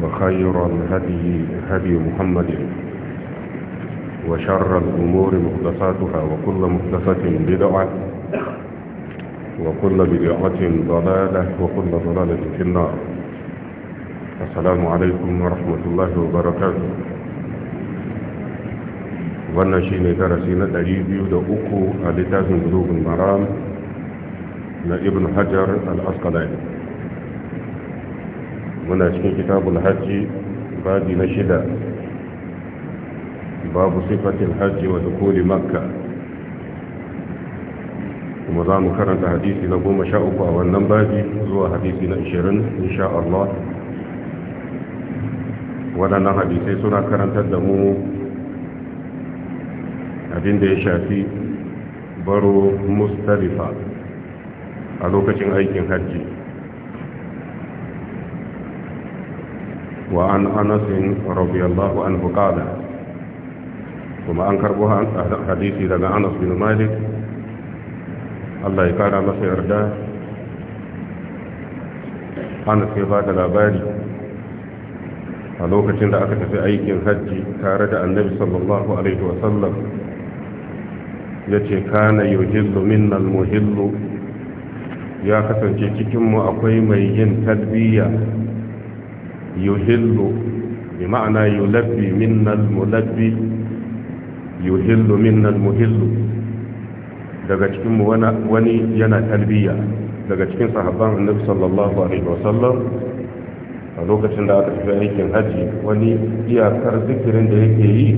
وخير الهدي هدي محمد وشر الأمور محدثاتها وكل محدثة بدعة وكل بدعة ضلالة وكل ضلالة في النار السلام عليكم ورحمة الله وبركاته wannan shi ne darasi na 203 a littafin gudubin maram na ibn hajar al muna cikin kitabul hajji babi na shida babu sifatil hajji wa dukuli makka kuma za mu karanta hadisi na goma sha uku a wannan babi zuwa hadisi na ishirin insha Allah waɗannan hadisai suna karantar da mu abinda ya shafi baro mustalifa a lokacin aikin hajji وعن أنس رضي الله عنه قال وما أنكر بها حديثي لنا أنس بن مالك الله يقال على سيردا أنس يباد الأباري a lokacin da aka tafi aikin hajji tare da annabi sallallahu alaihi wasallam ya ce kana yuhillu minnal muhillu ya kasance cikinmu akwai mai yin talbiya yuhillu bi ma'ana yulabbi minnal mulabbi yuhillu minnal muhillu daga cikin wani yana talbiya daga cikin sahabban annabi sallallahu alaihi wasallam a lokacin da aka tafi aikin haji wani iyakar zikirin da yake yi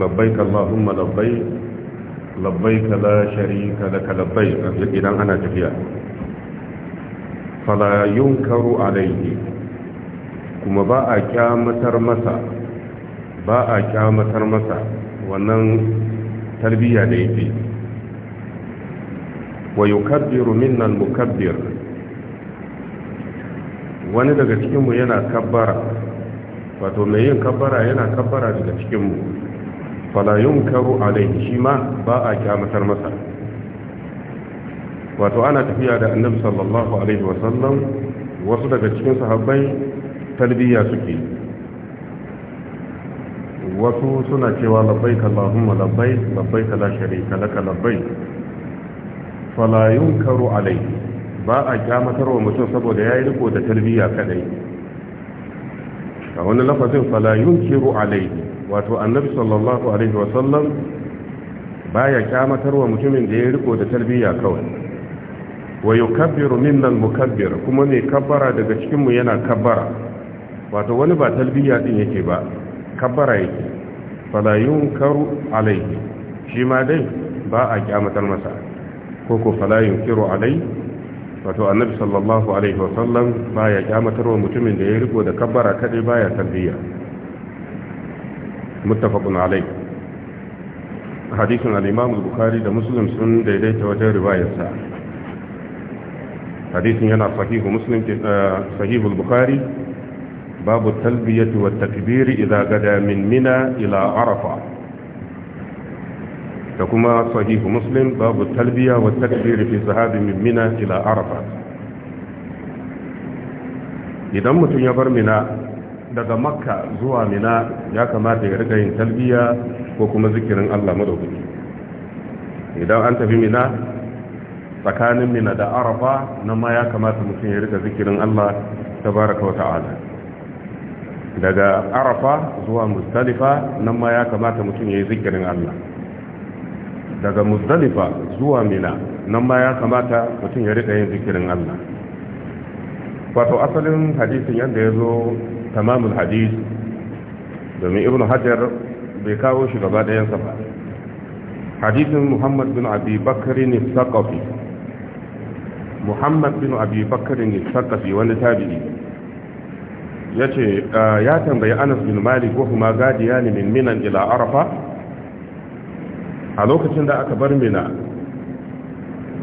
labbaik allahumma labbaik ka la sharika ka labbaik idan ana tafiya fala yunkaru alaihi kuma ba a kyamatar masa ba a kyamatar masa wannan tarbiyya da yake wa yukabbiru minnan mukabbir wani daga cikinmu yana kabbara wato mai yin kabbara yana kabbara daga cikinmu fala yunkaru alaihi shi ma ba a kyamatar masa wato ana tafiya da annabi sallallahu alaihi wasallam wasu daga cikin sahabbai talbiya suke wasu suna cewa labbai Allahumma labbai labbai la sharika laka labbai fala yunkaru alai ba a kyamatarwa mutum saboda ya yi riko da talbiya kadai a wani lafazin falayun yunkiru alai wato annabi sallallahu alaihi wasallam baya kyamatarwa mutumin da ya yi riko da talbiya kawai wa yukabbiru minna al-mukabbir kuma ne kabbara daga cikinmu yana kabbara wato wani ba talbiya din yake ba kabbara yake falayun karu alaihi shi ma dai ba a kyamatar masa ko ko falayun yunkiru alaihi wato annabi sallallahu alaihi wasallam ba ya kyamatar wa mutumin da ya riko da kabbara kadai ya talbiya muttafaqun alaihi hadisin al-imam al-bukhari da muslim sun daidaita wajen riwayarsa hadisin yana sahihu muslim eh, sahihu al-bukhari babu talbiyati wa takbiri idza gada min mina ila arafa da kuma sahihu muslim babu talbiya wa takbiri fi zahabi min mina ila arafa idan mutum ya bar mina daga makka zuwa Minna ya kamata ya riga yin talbiya ko kuma zikirin Allah idan an tafi mina tsakanin mina da arafa nan ma ya kamata mutum ya rika zikirin Allah tabaraka wa ta'ala daga arafa zuwa muzdalifa nan ma ya kamata mutum ya yi zikirin Allah daga muzdalifa zuwa mina nan ma ya kamata mutum ya rika yin zikirin Allah wato asalin hadisin yadda ya zo tamamul hadis domin ibn hajar bai kawo shi gaba ɗayansa ba hadisin muhammad bin abi bakari ne saƙafi muhammad bin abi bakari ne saƙafi wani tabi'i ya ce ah, ya tambayi anas bin malik wa kuma gadiya ne min minan ila arafa a lokacin da aka bar mina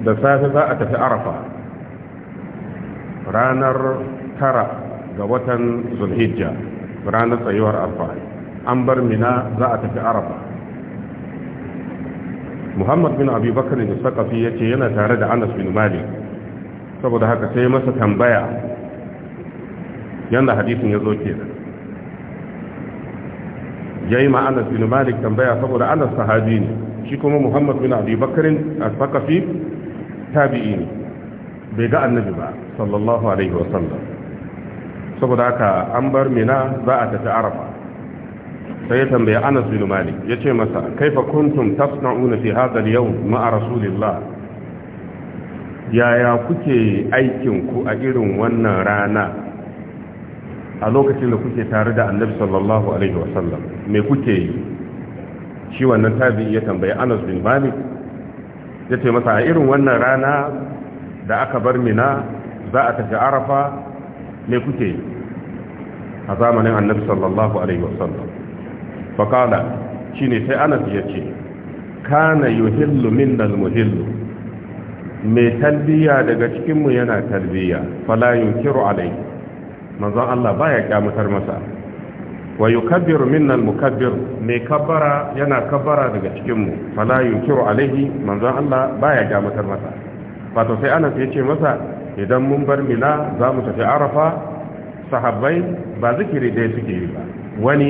da safe za a tafi arafa ranar tara ga watan zulhijja ranar tsayuwar arafa an bar mina za a tafi arafa muhammad bin abubakar da sakafi ya ce yana tare da anas bin malik saboda haka sai masa tambaya yanda hadisin ya zo kenan yayi ma Anas bin Malik tambaya saboda Anas sahabi ne shi kuma Muhammad bin Abi Bakr al-Thaqafi tabi'i ne bai ga annabi ba sallallahu alaihi wa sallam saboda haka an bar mina za a tafi arafa sai ya tambayi anas bin malik ya ce masa kaifa kuntum tasna'una fi hadha yau, yawm ma'a rasulillah yaya kuke aikin ku a irin wannan rana a lokacin da kuke tare da annabi sallallahu alaihi wasallam me kuke yi shi wannan tabi ya tambayi anas bin malik ya ce masa a irin wannan rana da aka bar mina za a tafi arafa me kuke yi a zamanin annabi sallallahu alaihi wasallam fakala shi ne sai anas ya ce kana yuhillu minnal muhillu mai talbiya daga cikinmu yana talbiya fala yunkiru alaihi manzon Allah baya kyamutar masa wa yukabbiru minna al-mukabbir mai kabbara yana kabbara daga cikin mu fala yunkiru alaihi manzon Allah baya kyamutar masa wato sai Anas yace masa idan mun bar Mina za mu tafi Arafa sahabbai ba zikiri dai suke yi ba wani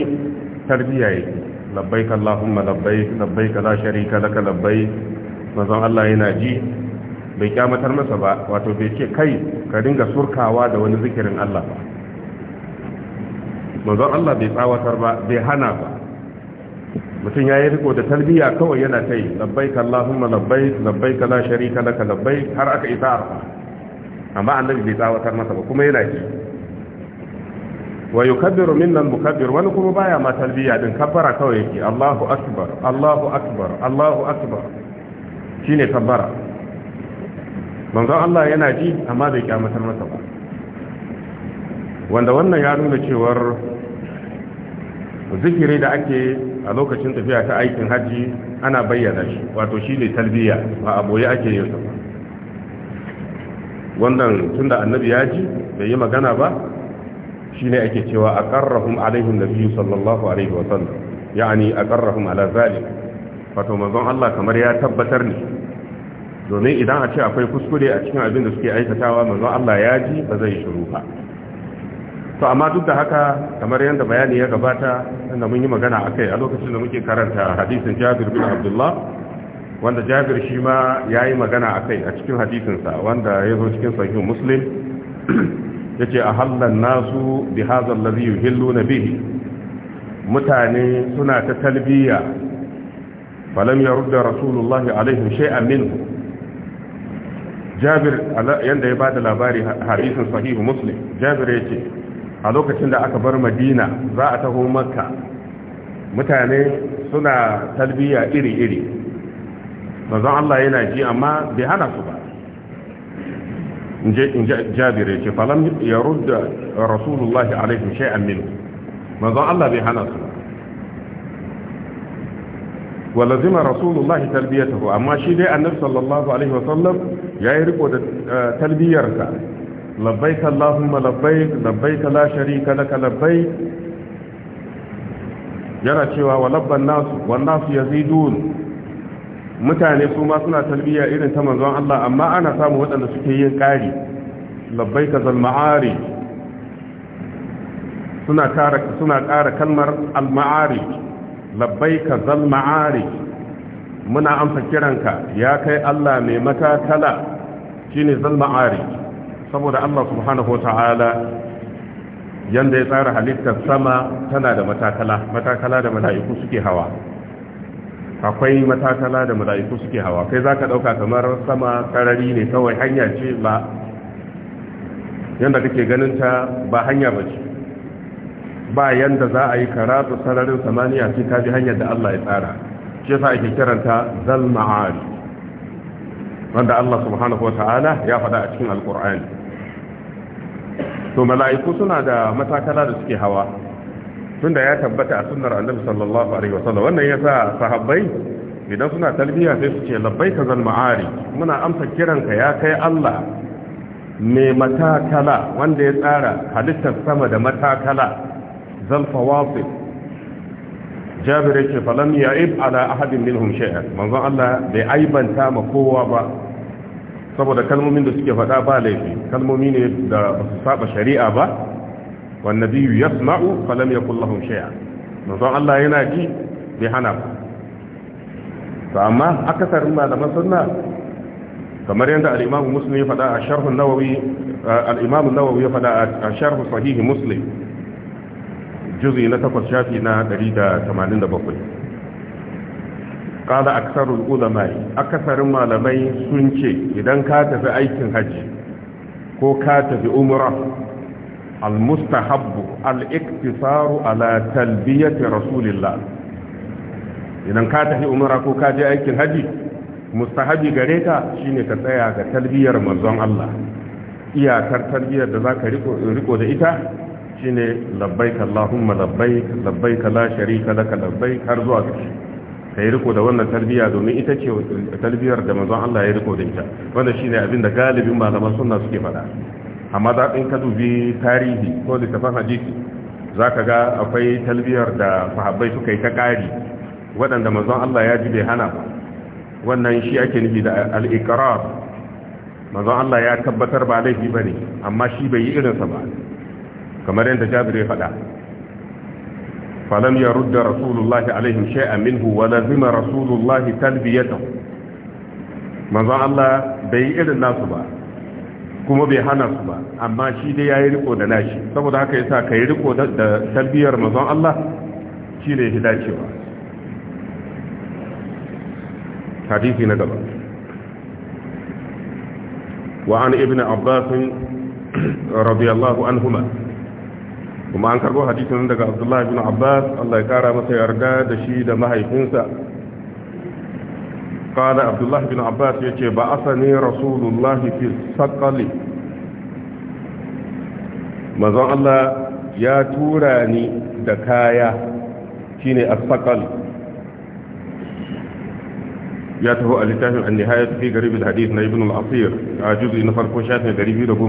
tarbiya yake labbaik allahumma labbaik labbaik la sharika lak labbaik manzon Allah yana ji bai kyamatar masa ba wato bai ce kai ka dinga surkawa da wani zikirin Allah ba manzon Allah bai tsawatar ba bai hana ba mutum ya yi riko da talbiya kawai yana ta yi labbaik Allahumma labbai labbaik la sharika laka labbai har aka isa arfa amma annabi bai tsawatar masa ba kuma yana ji wa yukabbiru minna mukabbir wani kuma baya ma talbiya din kabbara kawai yake Allahu akbar Allahu akbar Allahu akbar shine kabbara manzon Allah yana ji amma bai kyamatar masa ba wanda wannan ya nuna cewar zikiri da ake a lokacin tafiya ta aikin hajji ana bayyana shi wato shi ne talbiya ba a boye ake yin ba wannan tunda annabi ya ji bai yi magana ba shi ne ake cewa a ƙarrahun alaihun da biyu sallallahu alaihi wasallam ya'ani a ƙarrahun alazali, wato mazan Allah kamar ya tabbatar ne domin idan a ce akwai kuskure a cikin abin da suke aikatawa mazan Allah ya ji ba zai shiru ba to amma duk da haka kamar yadda bayani ya gabata inda mun yi magana a kai a lokacin da muke karanta hadisin jabir bin abdullah wanda jabir shi ma ya yi magana a kai a cikin hadisinsa wanda ya zo cikin sahihin muslim ya ce a hallan nasu bi hazan lazi yuhillu na bihi mutane suna ta talbiya falam ya rudda rasulullahi alaihim shay'an minhu jabir yadda ya ba da labari hadisin sahihu muslim jabir ya ce a lokacin da aka bar madina za a taho makka mutane suna talbiya iri-iri bazan Allah yana ji amma bai hana su ba in jabire ce falon ya rudda rasulullahi alaihi sha'i Aminu. mazan Allah bai hana su ba ولزم رسول الله تلبيته أما شيء دي النبي صلى الله ya yi riko da تلبيرك eh, labbaik Allahumma labbaik labbaik la sharika laka labbaik yana cewa wa labban nasu wan nasu yazidun mutane su ma suna talbiya irin ta manzon Allah amma ana samu waɗanda suke yin ƙari labbaik zal ma'ari suna ƙara suna ƙara kalmar al ma'ari labbaik zal ma'ari muna amsa kiranka ya kai Allah mai matakala shine zal ma'ari saboda Allah subhanahu wata'ala yanda ya tsara halittar sama tana da matakala matakala da mala'iku suke hawa akwai matakala da mala'iku suke hawa kai zaka dauka kamar sama karari ne kawai hanya ce ba yanda kake ganin ta ba hanya bace ba yanda za a yi karatu sararin samaniya sai ka bi hanyar da Allah ya tsara shi yasa ake kiranta zal wanda Allah subhanahu wa ta'ala ya faɗa a cikin alƙur'ani to mala'iku suna da matakala da suke hawa tunda ya tabbata a sunnar annabi sallallahu alaihi wasallam wannan yasa sahabbai idan suna talbiya sai su ce labbaika zal ma'ari muna amsa kiranka ya kai Allah mai matakala wanda ya tsara halittar sama da matakala zal fawasif jabir yake falam ya'ib ala ahadin minhum shay'an manzon Allah bai aibanta ma kowa ba saboda kalmomin da suke faɗa ba laifi kalmomi ne da ba su saba shari'a ba wanda biyu ya sma'u falam ya kullahun shaya mazan Allah yana ji bai hana ba to amma akasarin malaman sunna kamar yadda al musulmi ya faɗa a sharhun nawawi eh, al nawawi ya faɗa a sharhu sahihi musulmi juzi na takwas shafi na 187 qala aksarul ulamai akasarin malamai sun ce idan ka tafi aikin haji ko ka tafi umra al mustahabbu al iktisaru ala talbiyati rasulillah idan ka tafi umra ko ka je aikin haji mustahabi gare ka shine ka tsaya ga talbiyar manzon Allah iyakar talbiyar da zaka riko riko da ita shine labbaik allahumma labbaik labbaik la sharika laka labbaik har zuwa ƙarshe ka yi riko da wannan tarbiyya domin ita ce tarbiyyar da manzon Allah ya riko da ita wanda shine abin da galibin malaman sunna suke faɗa amma da in ka dubi tarihi ko littafin hadisi zaka ga akwai talbiyar da sahabbai suka yi ta ƙari waɗanda manzon Allah ya ji bai hana ba wannan shi ake nufi da al-iqrar manzon Allah ya tabbatar ba laifi bane amma shi bai yi irinsa ba kamar yadda Jabir ya faɗa falam ya rudda rasulullahi alaihim shay'a minhu wa lazima rasulullahi talbiyatahu manzon Allah bai irin nasu ba kuma bai hana su ba amma shi dai yayi riko da nashi saboda haka ya sa ka yi riko da talbiyar manzon Allah shine hidacewa hadisi na gaba wa an ibnu abbas radiyallahu anhuma kuma an karbo hadisin daga abdullahi bin abbas allah ya kara masa yarda da shi da mahaifinsa Abdullahi bin Abbas ya ce, يجي بعثني رسول الله في الثقل manzon Allah ya tura ni da kaya shine a saqal ya taho a littafin an-nihayat fi garib al-hadith na ibn al-asir a juz'i na farko shafin 217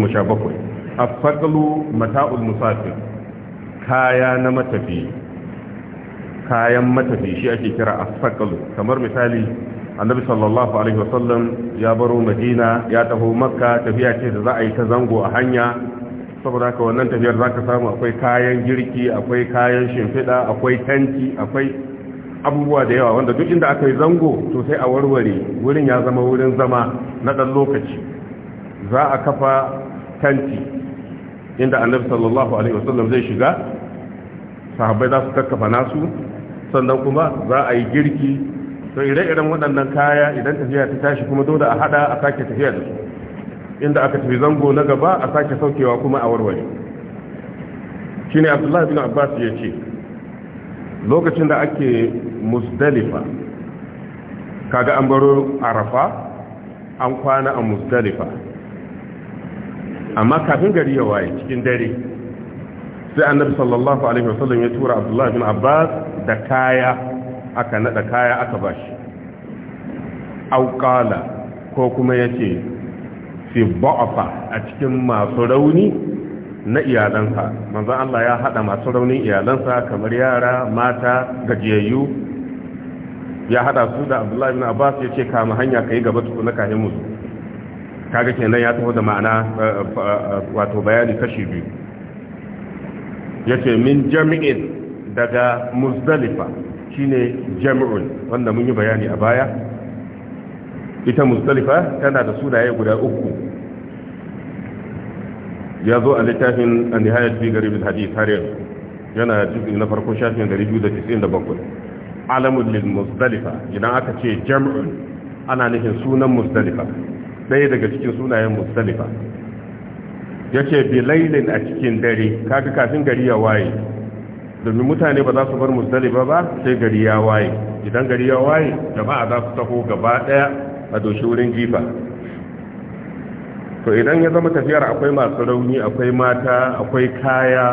as-saqalu mata'ul musafir kaya na matafi kayan matafi shi ake kira asakalu kamar misali annabi sallallahu alaihi wasallam ya baro madina ya tafi makka tafiya ce da za a yi ta zango a hanya saboda haka wannan tafiyar za ka samu akwai kayan girki akwai kayan shimfiɗa akwai tanki akwai abubuwa da yawa wanda duk inda aka yi zango to sai a warware wurin ya zama wurin zama na ɗan lokaci za a kafa tanti inda annabi sallallahu alaihi wasallam zai shiga sahabbai za su kakkafa nasu sannan kuma za a yi girki to ire-iren waɗannan kaya idan tafiya ta tashi kuma dole a hada a sake tafiya da su inda aka tafi zango na gaba a sake saukewa kuma a warware shine abdullahi bin abbas ya ce lokacin da ake musdalifa kaga an baro arafa an kwana a musdalifa amma kafin gari ya waye cikin dare sai annabi sallallahu alaihi wasallam ya tura abdullahi bin abbas da kaya aka nada kaya aka bashi auqala ko kuma yace fi ba'fa a cikin masu rauni na iyalansa manzon Allah ya hada masu raunin iyalansa kamar yara mata gajiyayyu ya hada su da abdullahi bin abbas yace kama hanya yi gaba tukuna kahin musu kaga kenan ya taho da ma'ana eh, eh, eh, wato bayani kashi biyu yace min jami'in daga muzdalifa shine jami'un wanda mun yi bayani a baya ita muzdalifa tana da sunaye guda uku ya zo a littafin a nihayar fi garibin hadith har yanzu yana jibi na farko shafin 297 alamun lil muzdalifa idan aka ce jami'in ana nufin sunan musdalifa ɗaya daga cikin sunayen mustalifa ya ce bilailin a cikin dare kaga kafin gari ya waye domin mutane ba za su bar mustalifa ba sai gari ya waye idan gari ya waye jama'a za su taho gaba ɗaya a doshi wurin jifa to idan ya zama tafiyar akwai masu rauni akwai mata akwai kaya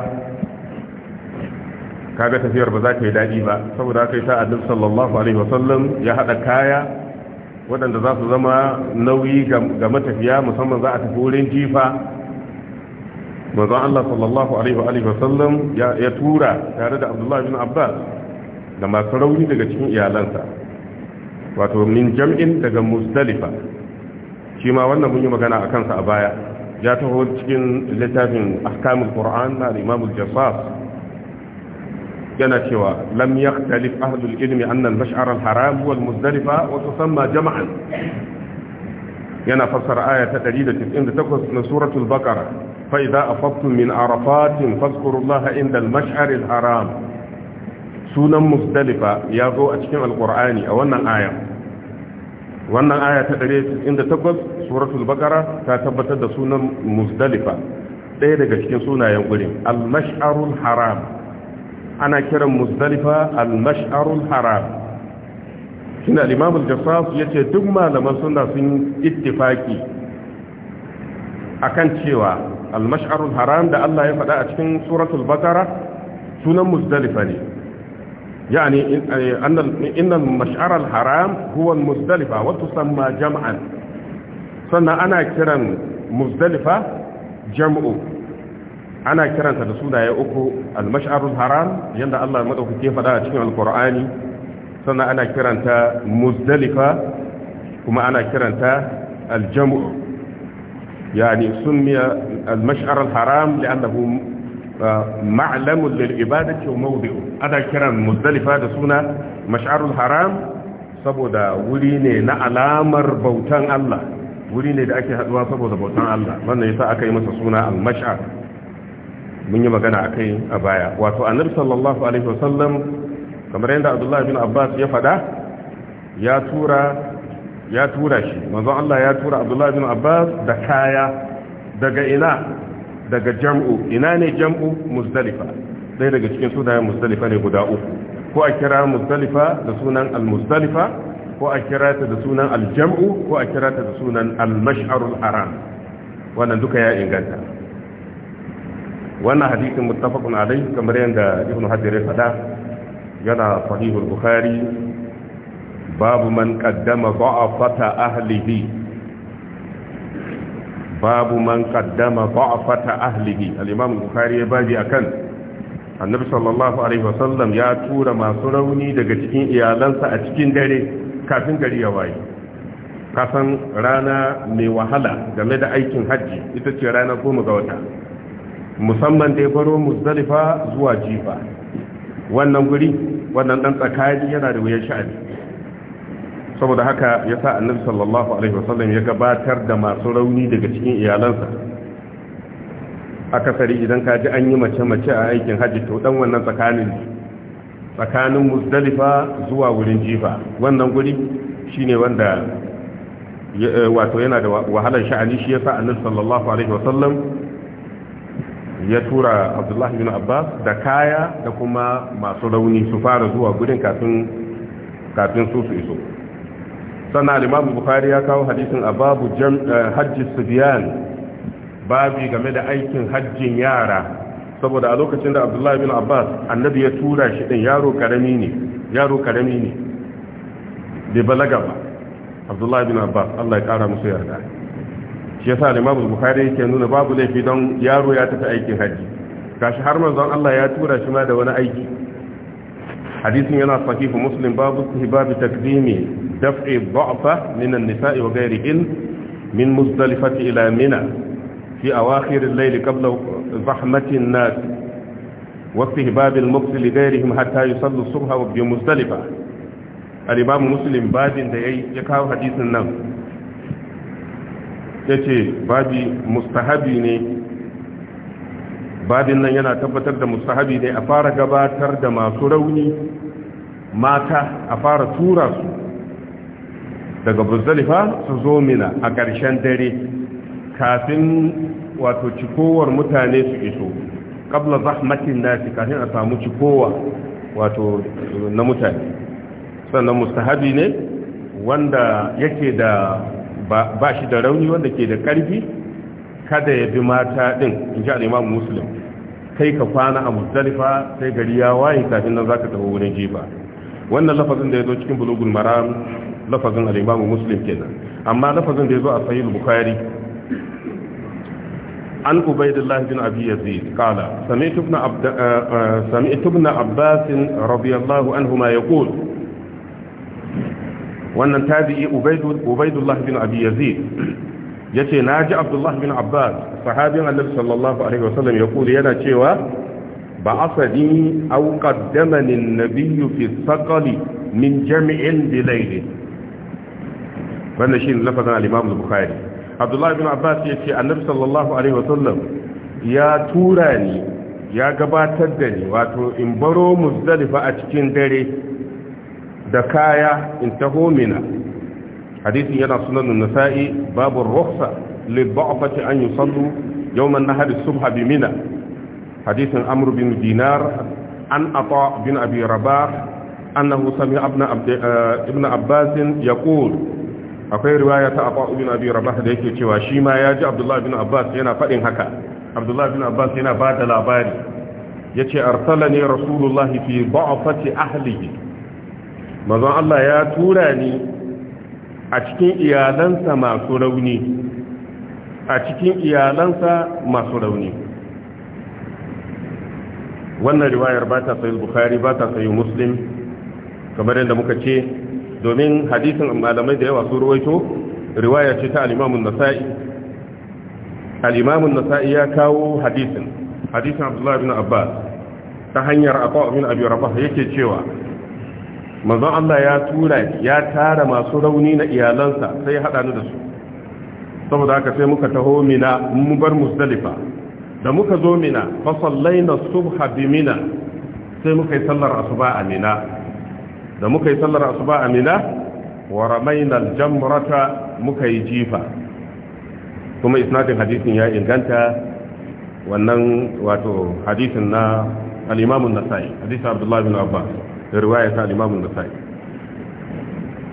kaga tafiyar ba za ta yi daɗi ba saboda haka yi sa'adun sallallahu alaihi wasallam ya haɗa kaya waɗanda za su zama nauyi ga matafiya musamman za a tafi wurin jifa manzon Allah sallallahu alaihi wa sallam ya tura tare da Abdullahi bin Abbas da masu rauni daga cikin iyalansa wato min jam'in daga Muzdalifa shi ma wannan mun yi magana a kansa a baya ya taho cikin littafin ahkamul Qur'an na imamul al-Jassas yana cewa lam talif ahlul ilmi annal mash'ar al-haram wal muzdalifa wa tusamma jama'an yana fassara aya ta 198 na suratul baqara fa idza afaqtum min arafatin fadhkurullaha inda al-mash'ar al-haram sunan muzdalifa ya zo a cikin al alqur'ani a wannan aya wannan aya ta 198 suratul baqara ta tabbatar da sunan muzdalifa ɗaya daga cikin sunayen gurin al-mash'arul haram ana kiran musdalifa al-mash'arul haram shine al-imam al-jassas yace duk malaman sunna sun ittifaki akan cewa al-mash'arul haram da Allah ya faɗa a cikin suratul baqara sunan musdalifa ne يعني أن إن المشعر الحرام musdalifa المزدلفة وتسمى جمعا sannan ana kiran musdalifa jam'u. ana kiranta da sunaye uku al haram yadda Allah madaukake ya faɗa a cikin alqur'ani sannan ana kiranta muzdalifa kuma ana kiranta aljamu jamu yani sunniya al haram li'annahu uh, ma'lamun lil ibadati wa mawdi'u ana kiran muzdalifa da suna mash'arul haram saboda wuri ne na alamar bautan Allah wuri ne da ake haduwa saboda bautan Allah wannan yasa aka yi masa suna almashar. mun yi magana a kai a baya wato annabi sallallahu alaihi wasallam kamar yadda abdullahi bin abbas ya faɗa ya tura ya tura shi manzon Allah ya tura abdullahi bin abbas da kaya daga ina daga jam'u ina ne jam'u muzdalifa ɗaya daga cikin sunayen muzdalifa ne guda uku ko a kira muzdalifa da sunan al-muzdalifa ko a kira ta da sunan al-jam'u ko a kira ta da sunan al-mash'arul haram wannan duka ya inganta wannan hadisin muttafaqun alaihi kamar yadda ibnu hajar ya faɗa yana sahihul bukhari babu man qaddama ba'afata ahlihi babu man qaddama ba'afata ahlihi al-imam bukhari ya baji akan annabi sallallahu alaihi wasallam ya tura masu rauni daga cikin iyalansa a cikin dare kafin gari ya waye kasan rana mai wahala game da aikin hajji ita ce rana goma ga wata musamman da ya faro muzdalifa zuwa jifa wannan guri wannan dan tsakani yana da wuyan sha'ani saboda haka ya sa annabi sallallahu alaihi wasallam ya gabatar da masu rauni daga cikin iyalansa akasari idan ka ji an yi mace-mace a aikin hajji to dan wannan tsakanin tsakanin muzdalifa zuwa wurin jifa wannan guri shine wanda eh, wato yana da wahalar sha'ani shi ya sa annabi sallallahu alaihi wasallam ya tura abdullahi bin abbas da kaya da kuma masu rauni su fara zuwa gudun kafin su su iso sannan limamu bukari ya kawo hadisun a babu eh, hajji sufiyan babi game da aikin hajjin yara saboda a lokacin da abdullahi bin abbas annabi ya tura shi din yaro karami ne yaro karami ne da balaga ba abdullahi bin abbas allah ya kara musu yarda shi yasa limamu bukari yake nuna babu laifi don yaro ya tafi aikin haji gashi har manzon Allah ya tura shi ma da wani aiki hadisin yana sahihu muslim babu istihbab takdimi daf'i dha'fa min an-nisa'i wa ghayrihin min muzdalifati ila mina fi awakhir al-layl qabla zahmati an-nas wa istihbab al-muqsi li ghayrihim hatta yusallu as-subha bi muzdalifah al-imam muslim babin da yayi ya kawo hadisin nan yace babi mustahabi ne babin nan yana tabbatar da mustahabi ne a fara gabatar da masu rauni mata a fara tura su daga buzzalifa su zo mina a ƙarshen dare kafin wato cikowar mutane su iso ƙabla zahmatin nasi kafin a samu cikowa wato na mutane sannan mustahabi ne wanda yake da ba shi da rauni wanda ke da ƙarfi kada ya bi mata ɗin in ji al'imam musulun kai ka kwana a musdalifa sai gari ya waye kafin nan za ka taho wurin jifa wannan lafazin da ya zo cikin bulugul maram lafazin al'imam musulun kenan amma lafazin da ya zo a sahih bukhari an عبيد الله بن أبي يزيد قال سمعت ابن, عبد... سمعت ابن عباس رضي الله عنهما wannan tabi'i ubaidullah bin abi yazid yace ji abdullah bin abbas sahabin annabi sallallahu alaihi wasallam ya kula yana cewa ba ba'asani aw qaddamani an-nabiyyu fi saqali min jami'in bilayl wannan shine lafazin al-imam al-bukhari abdullah bin abbas yace annabi sallallahu alaihi wasallam ya tura ni ya gabatar da ni wato in baro muzdalifa a cikin dare da kaya in taho mina hadisin yana sunan nasa'i babu rukhsa lil ba'fati yau yusallu na nahar subha bi mina hadisin amr bin dinar an ata bin abi rabah annahu sami'a ibn eh, ibn abbas yaqul akwai riwaya ta ata bin abi rabah da yake cewa shi ma ya ji abdullahi bin abbas yana fadin haka abdullahi bin abbas yana bada labari yace arsalani rasulullahi fi ba'fati ahlihi mazan Allah ya tura ni a cikin iyalansa masu rauni a cikin iyalansa masu rauni wannan riwayar ba ta sayi bukhari ba ta sayi muslim kamar yadda muka ce domin hadisin malamai da yawa su ruwaito riwayar ce ta alimamun nasa'i alimamun nasa'i ya kawo hadisin hadisin abdullahi bin abbas ta hanyar akwai abin abu rafa yake cewa manzon Allah ya tura ya tara masu rauni na iyalansa sai ya haɗa ni da su saboda haka sai muka taho mina mun bar musdalifa da muka zo mina fa sallaina subha bi mina sai muka yi sallar asuba a mina da muka yi sallar asuba a mina wa ramaina aljamrata muka yi jifa kuma isnadin hadisin ya inganta wannan wato hadisin na al-Imam an-Nasa'i hadisi Abdullah bin Abbas da riwaya ta al nasai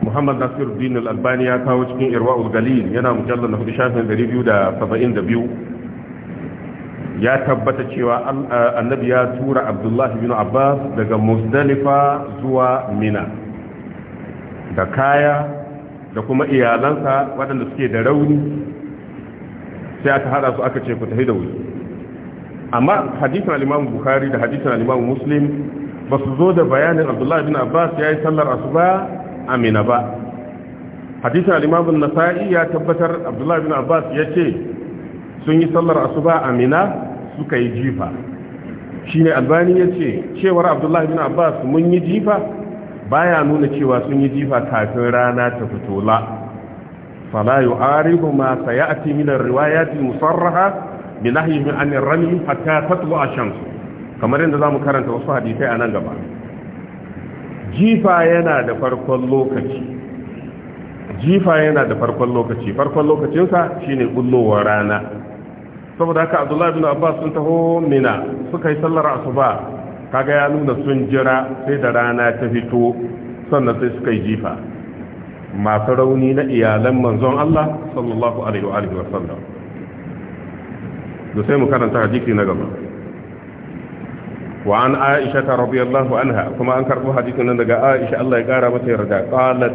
Muhammad Nasiruddin al-Albani ya kawo cikin Irwaul Galil yana mujallal na 272 ya tabbata cewa annabi ya tura Abdullahi bin Abbas daga Muzdalifa zuwa Mina da kaya da kuma iyalansa waɗanda suke da rauni sai aka hada su aka ce ku tafi da wuri amma hadisan al-Imam Bukhari da hadisan al-Imam Muslim ba su zo da bayanin abdullahi bin abbas ya yi sallar asuba a mina ba hadisa alimamun nasa'i ya tabbatar abdullahi bin abbas ya ce sun yi sallar asuba a mina suka yi jifa shi ne albani ya ce cewar abdullahi bin abbas mun yi jifa baya nuna cewa sun yi jifa kafin rana ta fito la fala yu'aribu ma sayati min ar musarraha bi nahyihi 'an ar-rami hatta tatlu'a ash-shams kamar yadda za mu karanta wasu hadisai a nan gaba jifa yana da farkon lokaci jifa yana da farkon lokaci farkon lokacinsa shine bullowar rana saboda haka abdullahi bin abbas sun taho mina suka yi sallar asuba kaga ya nuna sun jira sai da rana ta fito sannan sai suka yi jifa masu rauni na iyalan manzon Allah sallallahu alaihi wa sallam da sai mu karanta hadisi na gaba wa an aisha ta radiyallahu anha kuma an karbo hadisin nan daga aisha Allah ya kara mata yarda qalat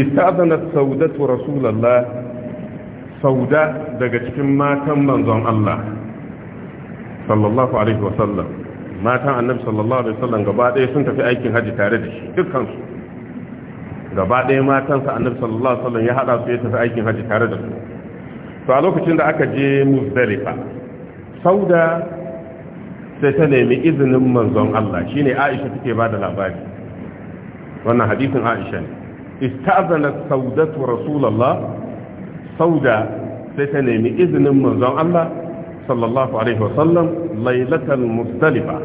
istazanat saudatu rasulullah sauda daga cikin matan manzon Allah sallallahu alaihi wa sallam matan annabi sallallahu alaihi wa sallam gaba ɗaya sun tafi aikin haji tare da shi dukkan su gaba ɗaya matansa annabi sallallahu alaihi wa sallam ya hada su ya tafi aikin haji tare da su to a lokacin da aka je muzdalifa sauda sai ta nemi izinin manzon Allah shi ne Aisha take ba da labari wannan hadisin Aisha ne istazana saudatu rasulullah sauda sai ta nemi izinin manzon Allah sallallahu alaihi wa sallam lailatal mustalifa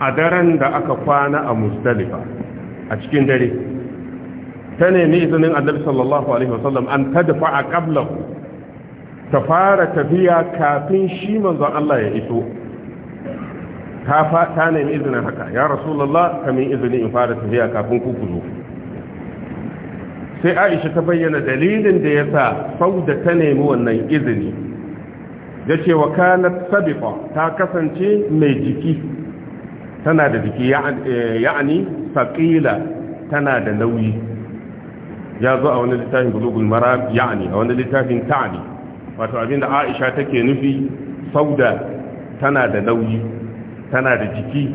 a daren da aka kwana a mustalifa a cikin dare ta nemi izinin annabi sallallahu alaihi wa sallam an tadfa a qablahu ta fara tafiya kafin shi manzon Allah ya iso ta ta nemi izinin haka ya rasulullah ka min izini in fara tafiya kafin ku kuzo sai aisha ta bayyana dalilin da ya sa sauda ta nemi wannan izini ya ce wa kanat sabiqa ta kasance mai jiki tana da jiki eh, ya'ani saqila tana da nauyi ya zo a wani littafin bulugul maram ya'ani a wani littafin ta'ani wato abinda aisha take nufi sauda tana da nauyi tana da jiki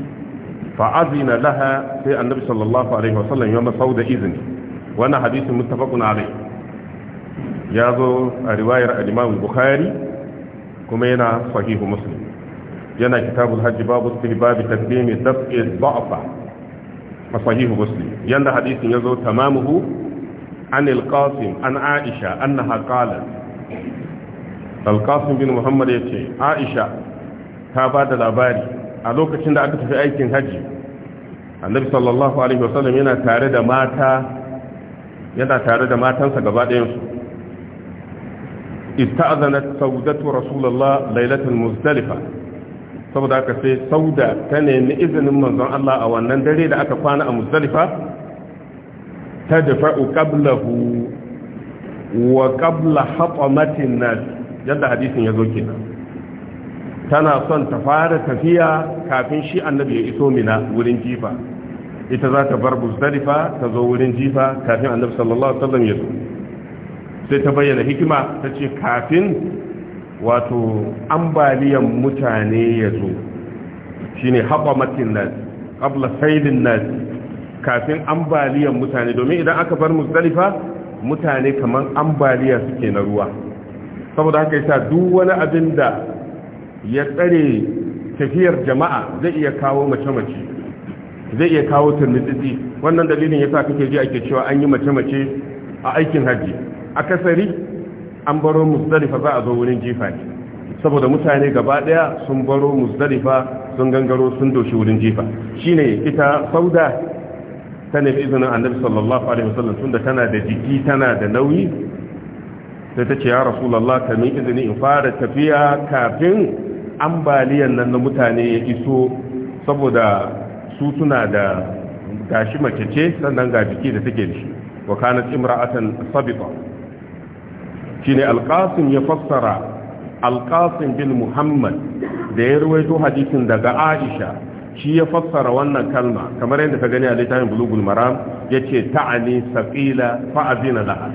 fa'azina laha sai annabi sallallahu alaihi wasallam ya masau da izini wannan hadisin muttafaqun alai ya zo a riwayar Alimamin Bukhari kuma yana sahihu Muslim yana kitabul hajj babu istihbab taqdim daf'i dha'fa a sahihu Muslim yanda hadisin ya zo tamamuhu an al-Qasim an Aisha annaha qalat al-Qasim bin Muhammad ya ce Aisha ta ba da labari a lokacin da aka tafi aikin hajji annabi sallallahu alaihi wasallam yana tare da mata yana tare da matansa gaba ɗayansu ista'azanat saudatu rasulullah lailatul muzdalifa saboda aka sai sauda ta nemi izinin manzon Allah a wannan dare da aka kwana a muzdalifa ta dafa'u qablahu wa qabla hatamatin nas yadda hadisin yazo kenan tana son ta fara tafiya kafin shi annabi ya iso mina wurin jifa ita za ta bar musdalifa ta zo wurin jifa kafin annabi sallallahu alaihi wasallam ya zo sai ta bayyana hikima ta ce kafin wato ambaliyan mutane ya zo Shi ne shine habamatin nas qabla saydin nas kafin ambaliyan mutane domin idan aka bar musdalifa mutane kamar ambaliya suke na ruwa saboda haka yasa duk wani abin da ya tsare tafiyar jama'a zai iya kawo mace-mace zai iya kawo turmitsitsi wannan dalilin ya sa kake ji ake cewa an yi mace-mace a aikin hajji a kasari an baro musdalifa za a zo wurin jifa ne saboda mutane gaba daya sun baro musdalifa sun gangaro sun doshi wurin jifa shine ita sauda ta fi izinin annabi sallallahu alaihi wasallam tunda tana da jiki tana da nauyi sai ta ce ya rasulullah ka izini in fara tafiya kafin ambaliyan nan na mutane ya iso saboda su suna da gashi mace ce sannan ga jiki da take da shi wa kanat imra'atan sabita shine alqasim ya fassara alqasim bin muhammad da ya ruwaito hadisin daga aisha shi ya fassara wannan kalma kamar yadda ka gani a littafin bulugul maram yace ta'ani saqila fa azina laha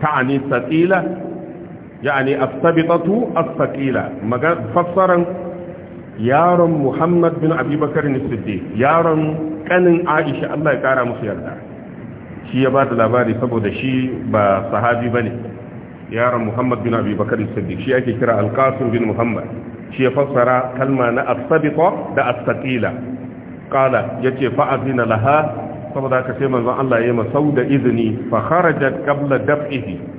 ta'ani saqila yani as-sabitatu as fassaran yaron Muhammad bin Abubakar Siddiq yaron kanin Aisha Allah ya kara musu yarda shi ya ba da labari saboda shi ba sahabi bane yaron Muhammad bin Abubakar Siddiq shi ake kira Al-Qasim bin Muhammad shi ya fassara kalma na as da as-saqila yace fa azina laha saboda ka sai manzon Allah ya sau da izini fa kharajat qabla daf'ihi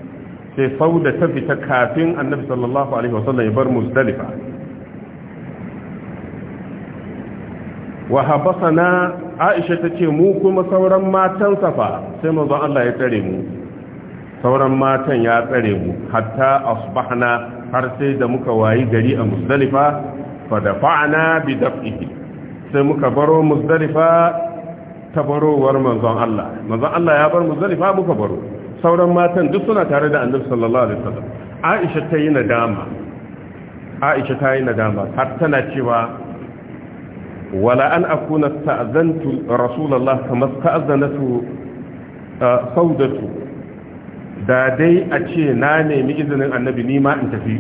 sai fauda ta fita kafin annabi sallallahu alaihi wasallam ya bar musdalifa wa habasana aisha ta ce mu kuma sauran matan safa sai mazan Allah ya tsare mu sauran matan ya tsare mu hatta asbahna har sai da muka wayi gari a musdalifa fa dafa'na bi daf'ihi sai muka baro musdalifa ta barowar manzon Allah manzon Allah ya bar musdalifa muka baro sauran matan duk suna tare da annabi sallallahu alaihi wasallam Aisha ta yi nadama Aisha ta yi nadama har tana cewa wala an akuna ta'azantu rasulullah kama ta'azanatu uh, saudatu da dai a ce na nemi izinin annabi ni ma in tafi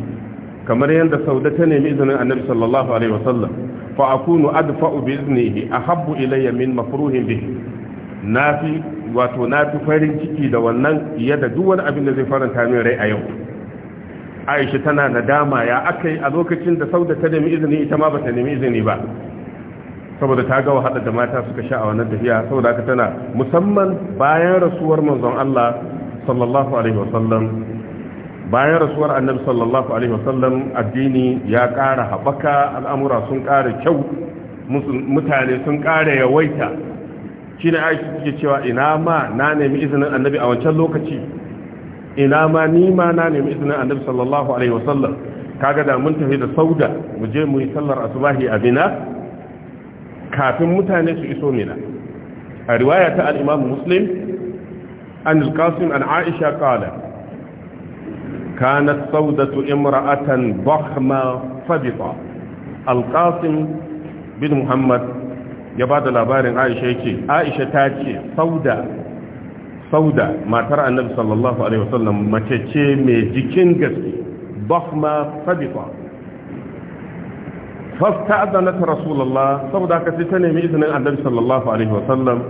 kamar yadda sauda ta nemi izinin annabi sallallahu alaihi wasallam fa akunu adfa'u bi iznihi ahabbu ilayya min mafruhin bihi nafi wato na fi farin ciki da wannan fiye da duk wani abin da zai faranta min rai a yau aisha tana nadama ya aka yi a lokacin da sauda ta nemi izini ita ma bata nemi izini ba saboda ta ga wahala da mata suka sha a wannan tafiya saboda haka tana musamman bayan rasuwar manzon Allah sallallahu alaihi wasallam bayan rasuwar annabi sallallahu alaihi wasallam addini ya ƙara haɓaka al'amura sun ƙara kyau mutane sun ƙara yawaita shine aisha take cewa ina ma na nemi izinin annabi a wancan lokaci ina ma ni ma na nemi izinin annabi sallallahu alaihi wasallam kaga da mun tafi da sauda mu je mu yi sallar asubahi a bina kafin mutane su iso mina a riwaya ta al-imam muslim an qasim an aisha qala kanat saudatu imra'atan bakhma fabita al-qasim bin muhammad ya ba da labarin aisha yake aisha ta ce sauda sauda matar annabi sallallahu alaihi wasallam mace ce mai jikin gaske bakma sabiqa ta rasulullah saboda ka ce ta nemi izinin annabi sallallahu alaihi wasallam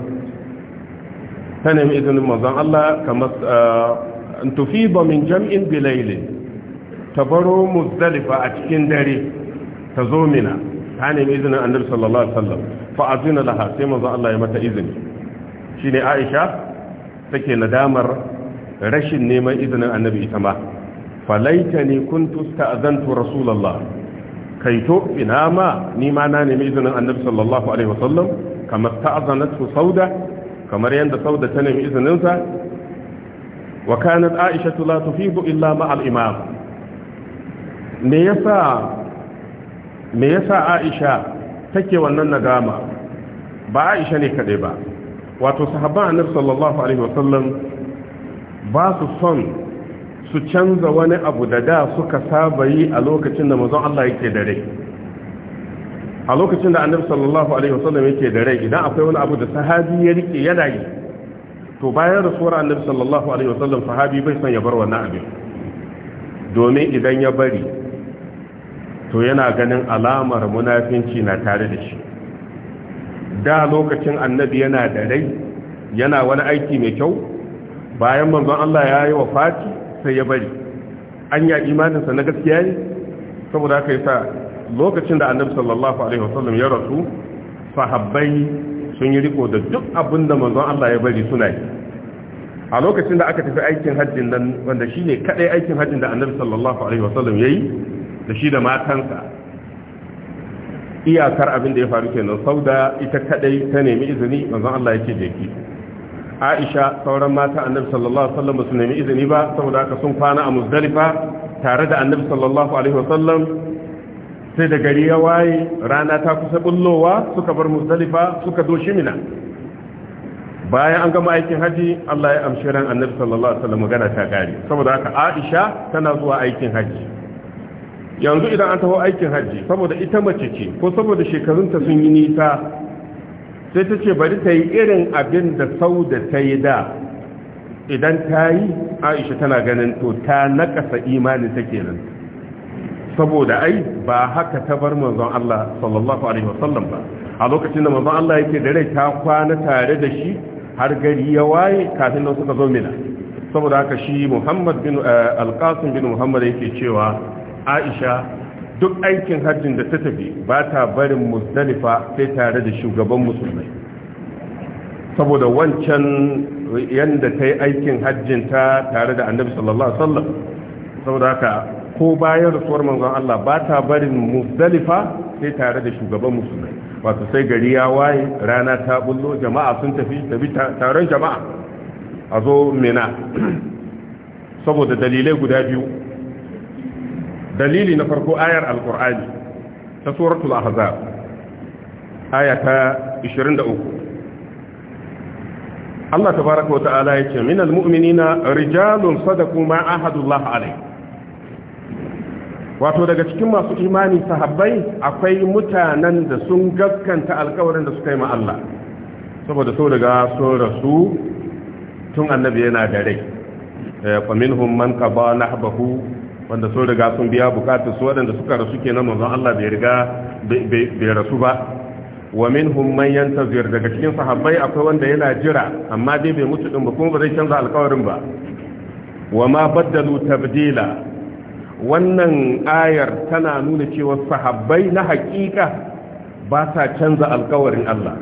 ta nemi izinin manzon Allah kamar uh, an tufiba min jam'in bilaili ta baro muzdalifa a cikin dare ta zo mina ta nemi izinin annabi sallallahu alaihi wasallam fa azina laha sai manzo Allah ya mata izini Shi ne Aisha take nadamar rashin neman izinin Annabi ita ma Falaita ne kun falaitani kuntu sta'zantu rasulullah kaito ina ma ni ma na nemi izinin Annabi sallallahu alaihi wasallam kamar ta ta'zanatu sauda kamar yadda sauda ta nemi izininsa? sa wa kanat Aisha la tufidu illa ma al-imam me yasa me yasa Aisha take wannan nadama ba aisha ne kaɗai ba wato sahabban annabi sallallahu alaihi wasallam ba su son su canza wani abu da da suka saba yi a lokacin da manzon Allah yake da rai a lokacin da annabi sallallahu alaihi wasallam yake da rai idan akwai wani abu da sahabi ya rike yana yi to bayan rasuwar annabi sallallahu alaihi wasallam sahabi bai son ya bar wannan abin domin idan ya bari to yana ganin alamar munafinci na tare da shi da lokacin annabi yana da rai yana wani aiki mai kyau bayan manzon Allah ya yi wafati sai ya bari an ya imaninsa na gaskiya ne saboda yi sa, lokacin da annabi sallallahu alaihi wasallam ya rasu sahabbai sun yi riko da duk abin da manzon Allah ya bari suna yi a lokacin da aka tafi aikin hajjin nan wanda shine kadai aikin hajjin da annabi sallallahu alaihi wasallam yayi da shi da matansa iyakar abin da ya faru kenan sauda ita kadai ta nemi izini manzon Allah ya yake jeki Aisha sauran mata Annabi sallallahu alaihi wasallam su nemi izini ba saboda haka sun kwana a Muzdalifa tare da Annabi sallallahu alaihi wasallam sai da gari ya waye rana ta kusa bullowa suka bar Muzdalifa suka doshi Mina bayan an gama aikin haji Allah ya amshi ran Annabi sallallahu alaihi wasallam magana ta gari saboda haka Aisha tana zuwa aikin haji yanzu idan an taho aikin hajji saboda ita mace ce ko saboda shekarunta sun yi nisa sai ta ce bari ta yi irin abin da sau da ta yi da idan ta yi aisha tana ganin to ta nakasa imanin ta kenan saboda ai ba haka ta bar manzon Allah sallallahu alaihi wasallam ba a lokacin da manzon Allah yake da rai ta kwana tare da shi har gari ya waye kafin nan suka zo mina saboda haka shi Muhammad bin eh, al-Qasim bin Muhammad yake cewa aisha duk aikin hajjin da ta tafi ba ta barin musdalifa sai tare da shugaban musulmai saboda wancan yadda ta yi aikin hajjin ta tare da annabi sallallahu alaihi wasallam saboda haka ko bayan rasuwar manzon Allah ba ta barin musdalifa sai tare da shugaban musulmai wato sai gari ya waye rana ta bullo jama'a sun tafi tafi taron jama'a a zo mina saboda dalilai guda biyu dalili na farko ayar alkur'ani ta suratul ahzab aya 23 Allah tabaraka wa ta'ala yace minal almuminina rijalun sadaqu ma ahadullah alayhi wato daga cikin masu imani sahabbai akwai mutanen da sun gaskanta alkawarin da suka yi ma Allah saboda sau daga sun rasu tun annabi yana da rai kwaminhum eh, man qada nahbahu wanda sun riga sun biya bukatar su waɗanda suka rasu kenan manzon Allah bai riga bai rasu ba wa minhum man yantazir daga cikin sahabbai akwai wanda yana jira amma dai bai mutu din ba kuma ba zai canza alƙawarin ba wa ma baddalu tabdila wannan ayar tana nuna cewa sahabbai na haƙiƙa ba sa canza alƙawarin Allah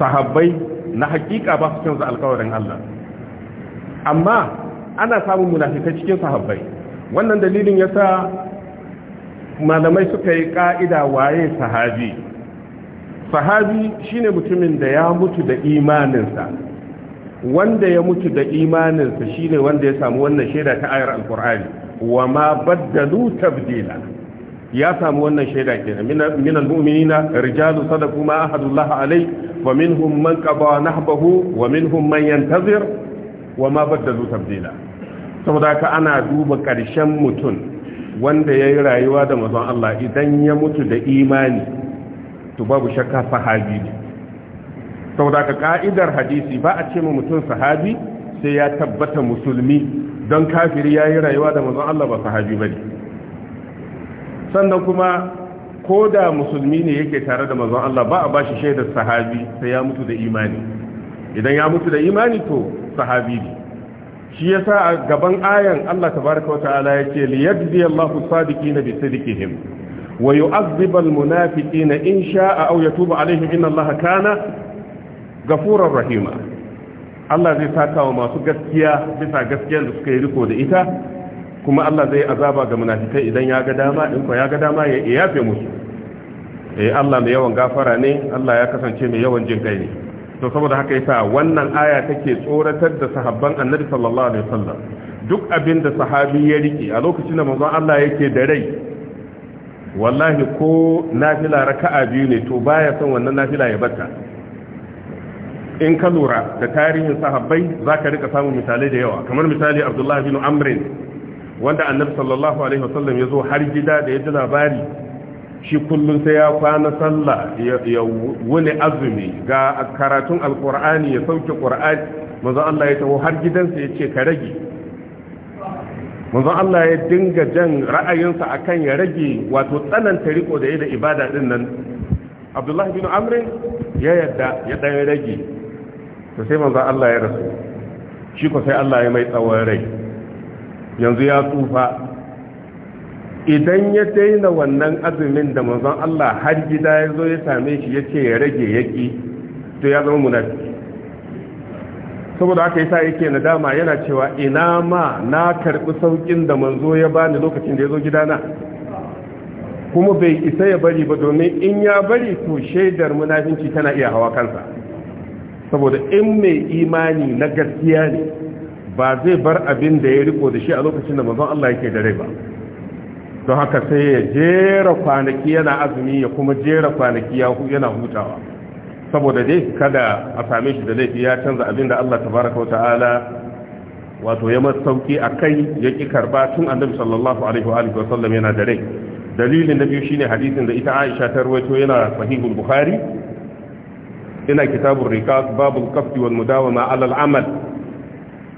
sahabbai na haƙiƙa ba su canza alƙawarin Allah amma ana samun munafikai cikin sahabbai wannan dalilin yasa malamai suka yi ka'ida waye sahabi sahabi shine mutumin da ya mutu da imaninsa wanda ya mutu da imaninsa shine wanda ya samu wannan shaida ta ayar alkur'ani wa ma baddalu tabdila ya samu wannan shaida kenan min muminina rijalu sadaqu ma ahadullah alai wa minhum man qada nahbahu wa minhum man yantazir wa ma baddalu tabdila saboda ka ana duba ƙarshen mutum wanda ya yi rayuwa da mazan Allah idan ya mutu da imani to babu shakka sahabi ne saboda ka ka'idar hadisi ba a ce ma mutum sahabi sai ya tabbata musulmi don kafiri ya yi rayuwa da mazan Allah ba sahabi ba sannan kuma ko da musulmi ne yake tare da mazan Allah ba a ba shi shaidar sahabi sai ya mutu da imani idan ya mutu da imani to sahabi ne shi yasa a gaban ayan Allah tabaraka wata'ala yake li yajzi Allahu sadiqina bi sidqihim wa yu'adhib al-munafiqina in sha'a aw yatubu alaihim inna Allaha kana gafurar rahima Allah zai saka wa masu gaskiya bisa gaskiyar da suka yi riko da ita kuma Allah zai azaba ga munafikai idan ya ga dama in ko ya ga dama ya yafe musu eh Allah mai yawan gafara ne Allah ya kasance mai yawan jin kai ne to saboda haka yasa wannan aya take tsoratar da sahabban annabi sallallahu alaihi wasallam duk abin da sahabi ya rike a lokacin da manzon Allah yake da rai wallahi ko nafila raka'a biyu ne to baya son wannan nafila ya bata in ka lura da tarihin sahabbai zaka rika samun misalai da yawa kamar misali Abdullah bin Amr wanda annabi sallallahu alaihi wasallam ya zo har gida da ya ji labari shi kullum sai ya kwana sallah ya wuni azumi ga karatun alkur'ani ya sauke qur'ani manzon Allah ya taho har gidansa ya ce ka rage manzon Allah ya dinga jan ra'ayinsa akan ya rage wato tsananta riko da da ibada din nan Abdullahi bin Amr ya yadda ya dan rage to sai manzon Allah ya rasu shi ko sai Allah ya mai tsawon rai yanzu ya tsufa idan ya daina wannan azumin da manzon Allah har gida ya zo ya same shi ya ce ya rage yaƙi to ya zama munafi saboda haka yasa yake nadama yana cewa ina ma na karɓi saukin da manzo ya bani lokacin da ya zo gidana kuma bai isa ya bari ba domin in ya bari to shaidar munafinci tana iya hawa kansa saboda in mai imani na gaskiya ne ba zai bar abin da ya riko da shi a lokacin da manzon Allah yake da rai ba don haka sai ya jera kwanaki yana azumi ya kuma jera kwanaki yana hutawa saboda dai kada a same shi da laifi ya canza abin da Allah tabaraka wa wato ya masauki a kai ya ƙi karba tun annabi sallallahu alaihi wa sallam yana da rai dalilin na biyu shine hadisin da ita Aisha ta rawaito yana sahihul Bukhari ina kitabur riqaq babul qasdi wal mudawama ala al amal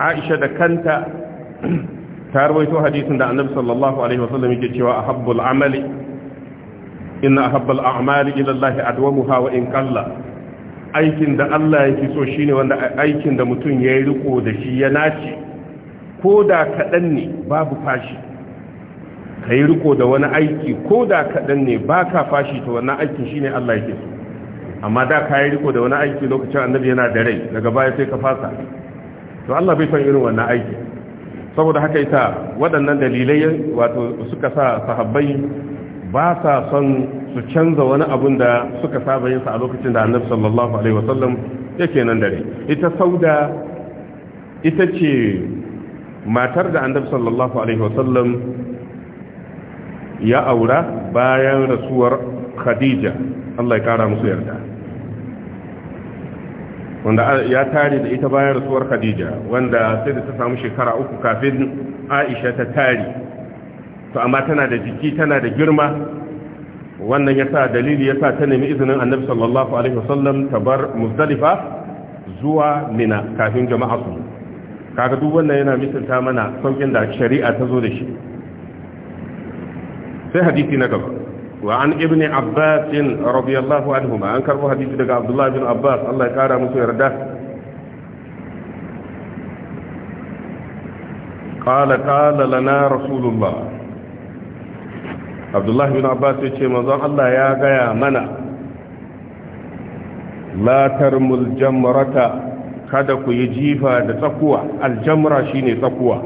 Aisha da kanta ta rawaito hadisin da annabi sallallahu alaihi wasallam yake cewa ahabbul amali inna ahabbal a'mali ila Allah adwamuha wa in qalla aikin da Allah yake so shine wanda aikin da mutum yayi riko da shi ya nace ko da kadan ne babu fashi kai riko da wani aiki ko da kadan ne baka fashi to wannan aikin shine Allah yake so amma da kai riko da wani aiki lokacin annabi yana da rai daga baya sai ka fasa to Allah bai san irin wannan aikin saboda haka ita waɗannan dalilai wato suka sa sahabbai ba sa son su canza wani abun da suka saba yinsa a lokacin da annabi sallallahu alaihi wasallam yake nan dare ita sauda ita ce matar da annabi sallallahu alaihi wasallam ya aura bayan rasuwar khadija Allah ya kara musu yarda wanda ya tare da ita bayan rasuwar khadija wanda sai da ta samu shekara uku kafin aisha ta tare to amma tana da jiki tana da girma wannan ya sa dalili ya sa ta nemi izinin annabi sallallahu alaihi wasallam ta bar muzdalifa zuwa mina kafin jama'a su kaga duk wannan yana misalta mana saukin da shari'a ta zo da shi sai hadisi na gaba وعن ابن عباس رضي الله عنهما أنكر حديث دك عبد الله بن عباس الله يكارى مسير ده قال قال لنا رسول الله عبد الله بن عباس يتشي منظر الله يا غيا منا لا ترموا الجمرة kada ku yi jifa da tsakuwa aljamra shine tsakuwa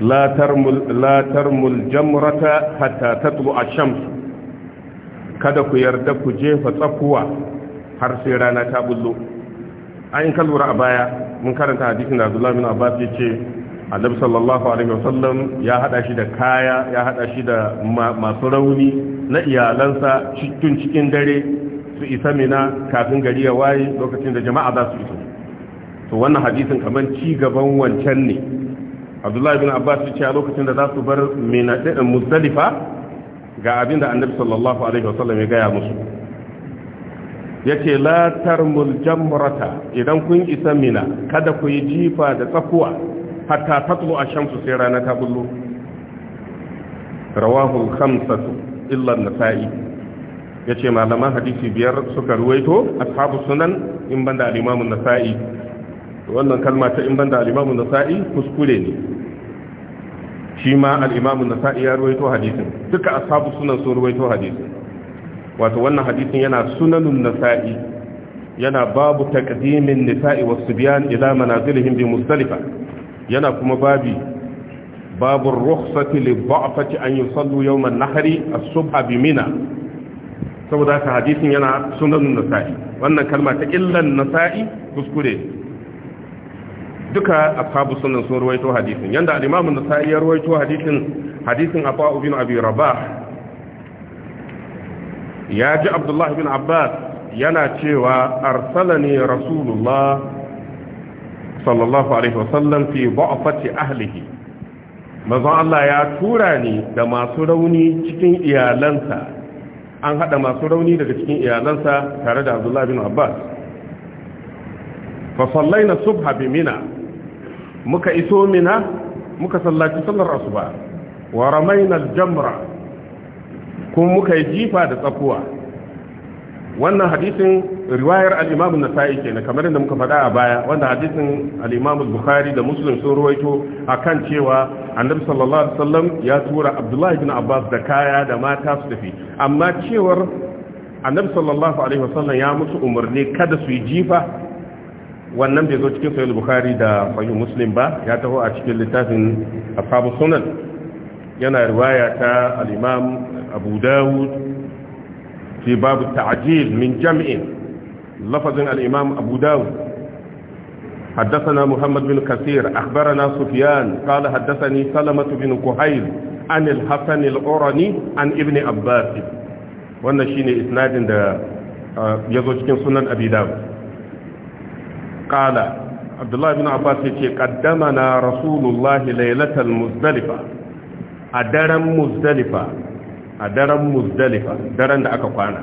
la tarmul jamrata hatta tatlu ash-shams kada ku yarda ku jefa tsakuwa har sai rana ta bullo ayin kalura a baya mun karanta hadisin da Abdullah bin Abbas yace Annabi sallallahu alaihi wasallam ya hada shi da kaya ya hada shi da masu rauni na iyalansa cikin cikin dare su isa mina kafin gari ya waye lokacin da jama'a za su iso to wannan hadisin kaman ci gaban wancan ne abdullahi bin abbas ya ce a lokacin da za su bar muzdalifa ga abin da annabi sallallahu alaihi wasallam ya gaya musu yace la latar jamrata idan kun isa mina kada ku yi jifa da tsakuwa hatta tatlo a shamsu sai rana ta bullo rawahu khamsatu illa nasa'i ya ce malaman hadisi biyar suka ruwaito ashabu sunan in banda al an nasa'i wannan kalma ta in banda al'imamun imamu nasa'i kuskure ne shi ma al'imamun imamu nasa'i ya ruwaito hadisin duka ashabu sunan sun ruwaito hadisin wato wannan hadisin yana sunanun nasa'i yana babu takadimin taqdimin nisa'i was subyan ila manazilihim bi mustalifa yana kuma babi babu rukhsati lil dha'fati an yusallu yawm an-nahri as-subha bi mina saboda haka hadisin yana sunanun nasa'i wannan kalma ta illan nasa'i kuskure duka ashabu sunan sun ruwaito hadisin yadda al da nasa'i ya ruwaito hadisin hadisin afa'u bin abu rabah ya ji abdullahi bin abbas yana cewa ne rasulullah sallallahu alaihi wasallam fi ba'fati ahlihi mazan Allah ya tura ni da masu rauni cikin iyalansa an hada masu rauni daga cikin iyalansa tare da abdullahi bin abbas fa na subha bi mina muka iso mina muka sallaci sallar asuba wa ramaina jamra kuma muka yi jifa da tsakuwa wannan hadisin riwayar al-imam an-nasa'i kenan kamar yadda muka faɗa a baya wanda hadisin al-imam al-bukhari da muslim sun ruwaito akan cewa annabi sallallahu alaihi wasallam ya tura abdullahi ibn abbas da kaya da mata su tafi amma cewar annabi sallallahu alaihi wasallam ya musu umarni kada su yi jifa wannan bai zo cikin sahih bukhari da sahih muslim ba ya taho a cikin littafin ashabu sunan yana riwaya ta al-imam abu dawud fi babu ta'jil min jam'in lafazin al-imam abu dawud حدثنا محمد بن كثير أخبرنا سفيان قال حدثني سلمة بن كهيل عن الحسن الأوراني عن ابن عباس wannan shine isnadin da uh, ya zo cikin sunan abi dawud kala abdullahi bin abbas ya ce kaddama na rasulullahi lailatar muzdalifa a daren muzdalifa a daren muzdalifa daren da aka kwana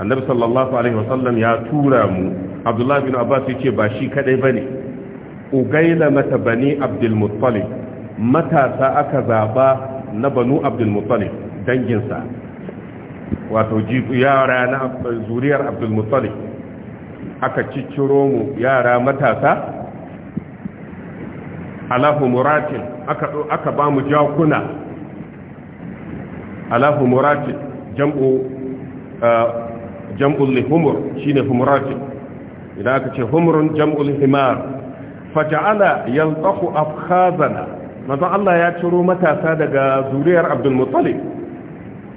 annabi sallallahu alaihi wasallam ya tura mu abdullahi bin abbas ya ce ba shi kadai ba ne ugaila mata bani abdulmuttalib matasa aka zaba na banu abdulmuttalib danginsa wato yara na zuriyar abdulmuttalib aka cicciro mu yara matasa alahu muratin aka ba mu jakuna alahu muratin jam'u jam'ul humur shine humuratin idan aka ce humurun jam'ul himar faja'ala yalqahu afkhazana manzo Allah ya ciro matasa daga zuriyar Abdul Muttalib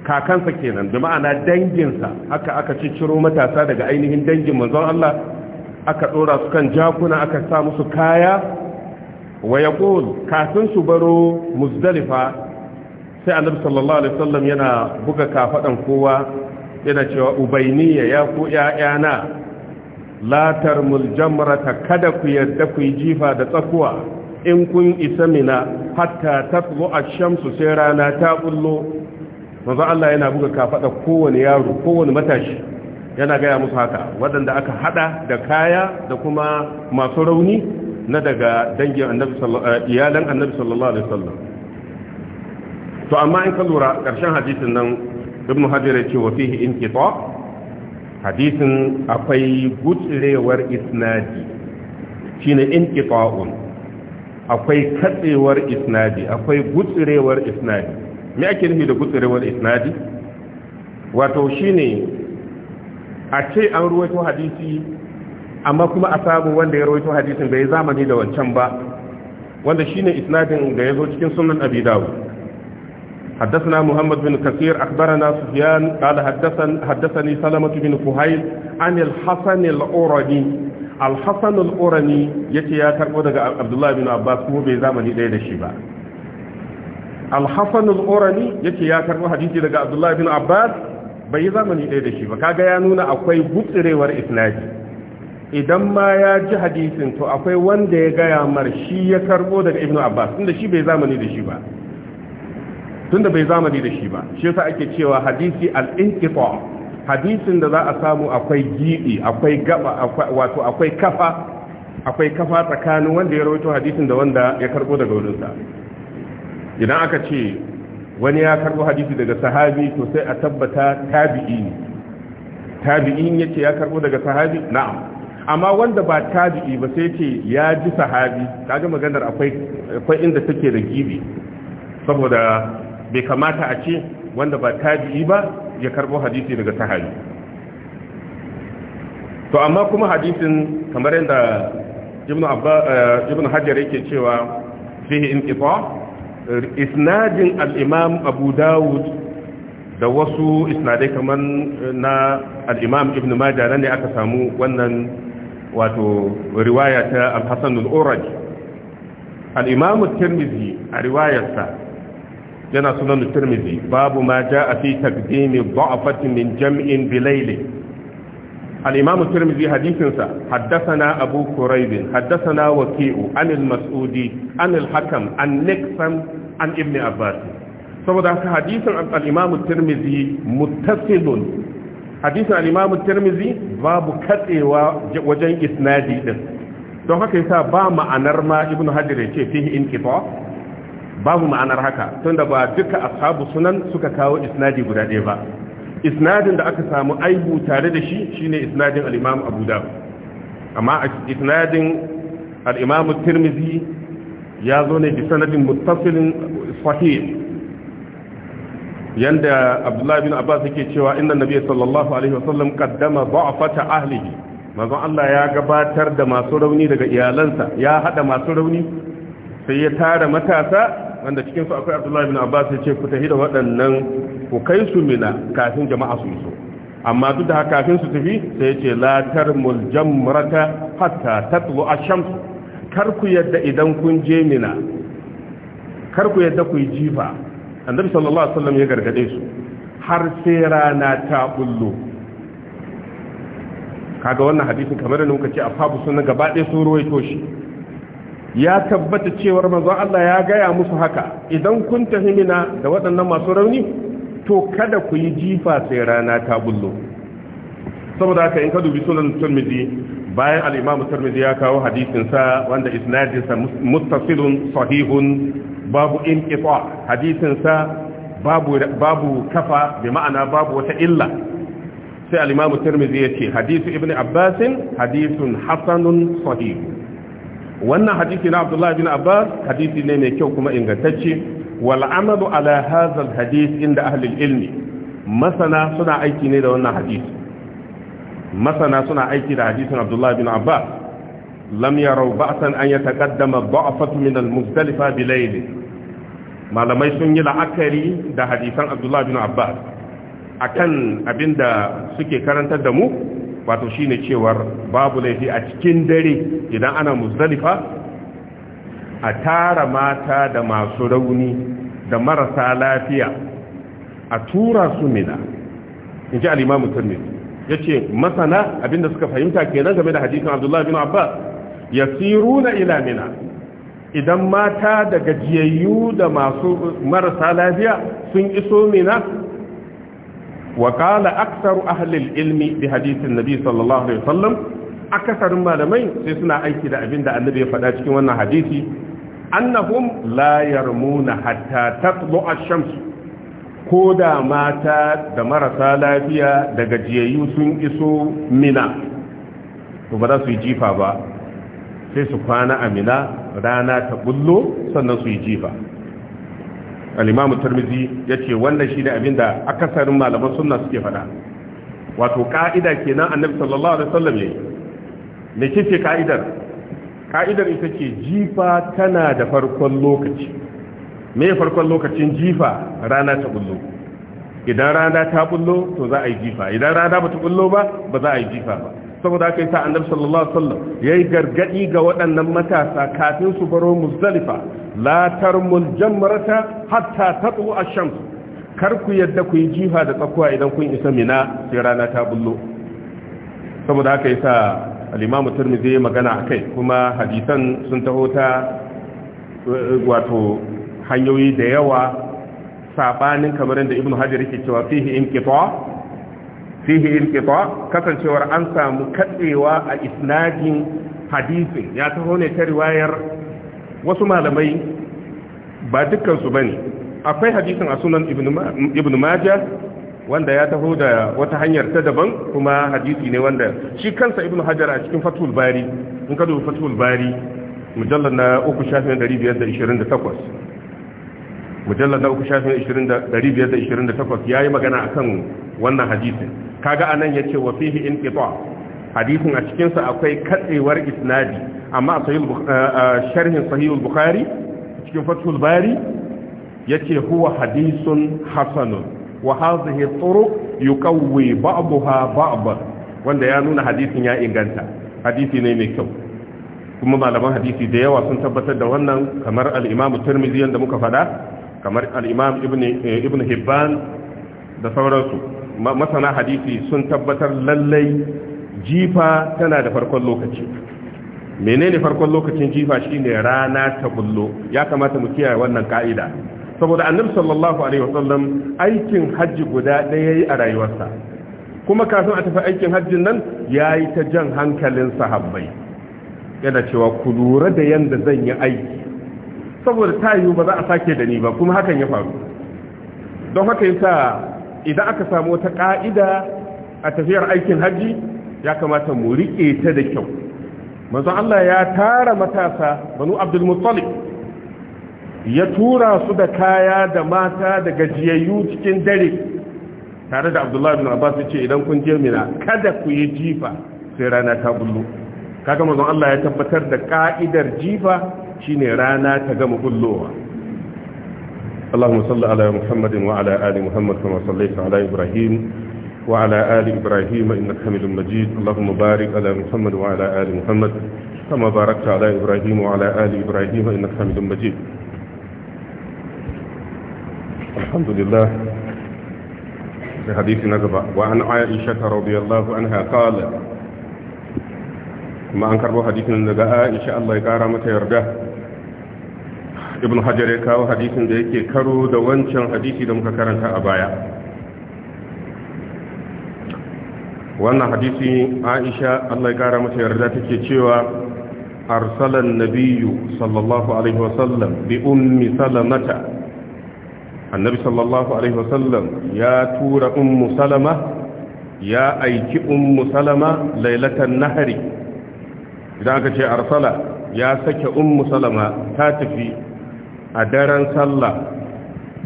kakansa kenan da ma'ana danginsa haka aka cicciro matasa daga ainihin dangin manzon Allah aka dora su kan jakuna aka sa musu kaya wa yaqul kafin su baro muzdalifa sai annabi sallallahu alaihi wasallam yana buga kafadan kowa yana cewa ubayniya ya ku ya'yana latar jamrata kada ku yadda ku jifa da tsakuwa in kun isa mina hatta tatlu ash-shamsu sai rana ta bullo manzo Allah yana buga kafada kowane yaro kowane matashi yana gaya musu haka waɗanda aka hada da kaya da kuma masu rauni na daga dangin annabi eh, iyalan annabi sallallahu alaihi wasallam to amma in ka lura ƙarshen hadisin nan ibn hajar ya ce wa fihi inqita hadisin akwai gutsirewar isnadi shine inqita'un akwai katsewar isnadi akwai gutsirewar isnadi me ake nufi da wa isnadi wato shine a ce an ruwaito hadisi amma kuma a samu wanda ya ruwaito hadisin bai zamani da wancan ba wanda shine isnadin da ya zo cikin sunan abi dawud حدثنا محمد بن كثير أخبرنا سفيان قال حدثن حدثني سلمة بن فهيل عن الحسن الأورني الحسن الأورني يتي يا bin عبد الله بن عباس هو da إليه الشباب al-hasan al-urani yake ya karbo hadisi daga abdullahi bin abbas bai yi zamani ɗaya da shi ba kaga ya nuna akwai gutsirewar isnadi idan ma ya ji hadisin to akwai wanda ya gaya mar shi ya karbo daga ibnu abbas tunda shi bai zamani da shi ba tunda bai zamani da shi ba shi yasa ake cewa hadisi al-inqita hadisin da za a samu akwai gidi akwai gaba wato akwai kafa akwai kafa tsakanin wanda ya rawaito hadisin da wanda ya karbo daga wurinsa idan aka ce wani ya karbo hadisi daga sahabi to sai a tabbata tabi'i ne tabi'in yace ya karbo daga sahabi na'am amma wanda ba tabi'i ba sai ce ya ji sahabi kaga maganar akwai akwai inda take da gibi saboda bai kamata a ce wanda ba tabi'i ba ya karbo hadisi daga sahabi to amma kuma hadisin kamar yadda ibnu abba eh, ibnu hajjar yake cewa fihi inqita isnadin al'imam abu dawud da wasu isnadai kamar na al'imam ibn majah ne aka samu wannan wato riwaya ta al-hassan al'imam tirmizi a riwayarsa yana sunan tirmizi babu ma ja a fi takdimi ba'afatin min jam'in bilaili الإمام الترمذي حديث سا حدثنا أبو كريب حدثنا وكيء عن المسعودي عن الحكم عن نكسم عن ابن عباس saboda haka hadisin al'imamu tirmizi muttasilun hadisin al'imamu tirmizi babu katsewa wajen isnadi din don haka yasa ba ma'anar ma ibn hajjir ce fihi in kifa babu ma'anar haka tunda ba duka ashabu sunan suka kawo isnadi guda ɗaya ba isnadin da aka samu aibu tare da shi shine isnadin al-imam abu dawud amma isnadin al-imam tirmidhi ya zo ne bi sanadin muttasilin sahih yanda abdullahi bin abbas yake cewa inna nabiyyi sallallahu alaihi wasallam qaddama dha'fata ahlihi manzon Allah ya gabatar da masu rauni daga iyalansa ya hada masu rauni sai ya tara matasa wanda cikinsu akwai abdullahi bin abbas ya ce ku tafi da waɗannan ku kai su mina kafin jama'a su iso amma duk da haka kafin su tafi sai ya ce latar jamrata hatta tatlu ash-shams kar ku yadda idan kun je mina kar ku yadda ku yi jifa annabi sallallahu alaihi wasallam ya gargade su har sai rana ta bullo kaga wannan hadisi kamar da muka ce a fabu sunna gaba ɗaya sun ruwaito shi ya tabbata cewar manzo Allah ya gaya musu haka idan kun tafi himina da waɗannan masu rauni to kada ku yi jifa sai rana ta bullo saboda haka in ka dubi sunan Tirmidhi bayan al-Imam ya kawo hadisin sa wanda isnadin sa muttasilun sahihun babu inqita hadisin sa babu babu kafa bi ma'ana babu wata illa sai al-Imam ya ce hadisu Ibn Abbas hadisun hasanun sahih wannan hadisi na abdullahi bin abbas hadisi ne mai kyau kuma ingantacce wal amalu ala hadha al inda ahli ilmi masana suna aiki ne da wannan hadisi masana suna aiki da hadisin abdullahi bin abbas lam yarau ba'san an yataqaddama dha'fatu min al-muzdalifa bi layl malamai sun yi la'akari da hadisan abdullahi bin abbas akan abinda suke karantar da mu wato shine cewar babu laifi a cikin dare idan ana muzalifa, a tara mata da masu rauni da marasa lafiya a tura su mina in ji al'imamu turmiti ya ce masana abinda suka fahimta kenan game da hadisin abdullahi bin Abba. ya na ila mina idan mata da gajiyayyu da masu marasa lafiya sun iso mina wa aksar aktsaru ahli al-ilmi bi hadithin nabi sallallahu alaihi wasallam akasarin malamai sai suna aiki da abinda annabi ya faɗa cikin wannan hadisi annahum la na hatta tatlu shams ko da mata da marasa lafiya da gajiyayyu sun iso mina to ba za su yi jifa ba sai su kwana a mina rana ta bullo sannan su yi jifa al-imam ya yace wannan shine da akasarin malaman sunna suke fada wato ka'ida kenan annabi sallallahu alaihi wasallam yayi me kike ka'idar ka'idar ita ce jifa tana da farkon lokaci me farkon lokacin jifa rana ta bullo idan rana ta bullo to za a yi jifa idan rana ba ta bullo ba ba za a yi jifa ba saboda haka yasa annabi sallallahu alaihi wasallam yayi gargadi ga waɗannan matasa kafin su baro muzdalifa la tarmul jamrata hatta tatlu ash-shams kar ku yadda ku yi jifa da tsakuwa idan kun isa mina sai rana ta bullo saboda haka yasa al-imamu tirmidhi ya magana akai kuma hadisan sun taho ta wato hanyoyi da yawa sabanin kamar da ibnu hajar yake cewa fihi inqita' fihi inqita kasancewar an samu katsewa a isnadin hadisin ya taho ne ta riwayar wasu malamai ba dukkan su bane akwai hadisin a sunan ibn majah wanda ya taho da wata hanyar ta daban kuma hadisi ne wanda shi kansa ibn hajar a cikin fatul bari in ka dubi fatul bari mujallar na 3528 mujallar na 3528 ya yi magana akan wannan hadisin kaga anan yace wa fihi inqita hadisin a cikin sa akwai katsewar isnadi amma sahih sharhin sahih al-bukhari cikin fathul bari yace huwa hadisun hasanun wa hadhihi turuq yuqawwi ba'daha ba'dan wanda ya nuna hadisin ya inganta hadisi ne mai kyau kuma malaman hadisi da yawa sun tabbatar da wannan kamar al-imam tirmidhi yanda muka faɗa kamar al-imam ibn eh, hibban da sauransu masana hadisi sun tabbatar lallai jifa tana da farkon lokaci menene farkon lokacin jifa shine rana ta bullo ya kamata mu kiyaye wannan ka'ida saboda annabi sallallahu alaihi wasallam aikin hajji guda ɗaya yayi a rayuwarsa kuma kafin a tafi aikin hajjin nan yayi ta jan hankalin sahabbai yana cewa ku lura da yanda zan yi aiki saboda ta yiwu ba za a sake da ni ba kuma hakan ya faru don haka yasa idan aka samu wata ka'ida a tafiyar aikin hajji ya kamata mu riƙe ta da kyau manzo Allah ya tara matasa banu Abdul ya tura su da kaya da mata da gajiyayyu cikin dare tare da Abdullah ibn Abbas ce, idan kun je mina kada ku yi jifa sai rana ta bullo kaga manzon Allah ya tabbatar da ka'idar jifa shine rana ta gama bullowa اللهم صل على محمد وعلى آل محمد كما صليت على إبراهيم وعلى آل إبراهيم إنك حميد مجيد اللهم بارك على محمد وعلى آل محمد كما باركت على إبراهيم وعلى آل إبراهيم إنك حميد مجيد الحمد لله في حديث نقبة وعن عائشة رضي الله عنها قال ما أنكره حديث نقبة إن شاء الله يقارمت يرده ibn hajar ya kawo hadisin da yake karo da wancan hadisi da muka karanta a baya wannan hadisi aisha allah ya kara mata yarda take cewa arsalan Nabiyu sallallahu alaihi wasallam bi ummi salamata annabi sallallahu alaihi wasallam ya tura ummu salama ya aiki ummu salama lailatan nahari idan aka ce arsala ya sake ummu salama ta tafi a daren sallah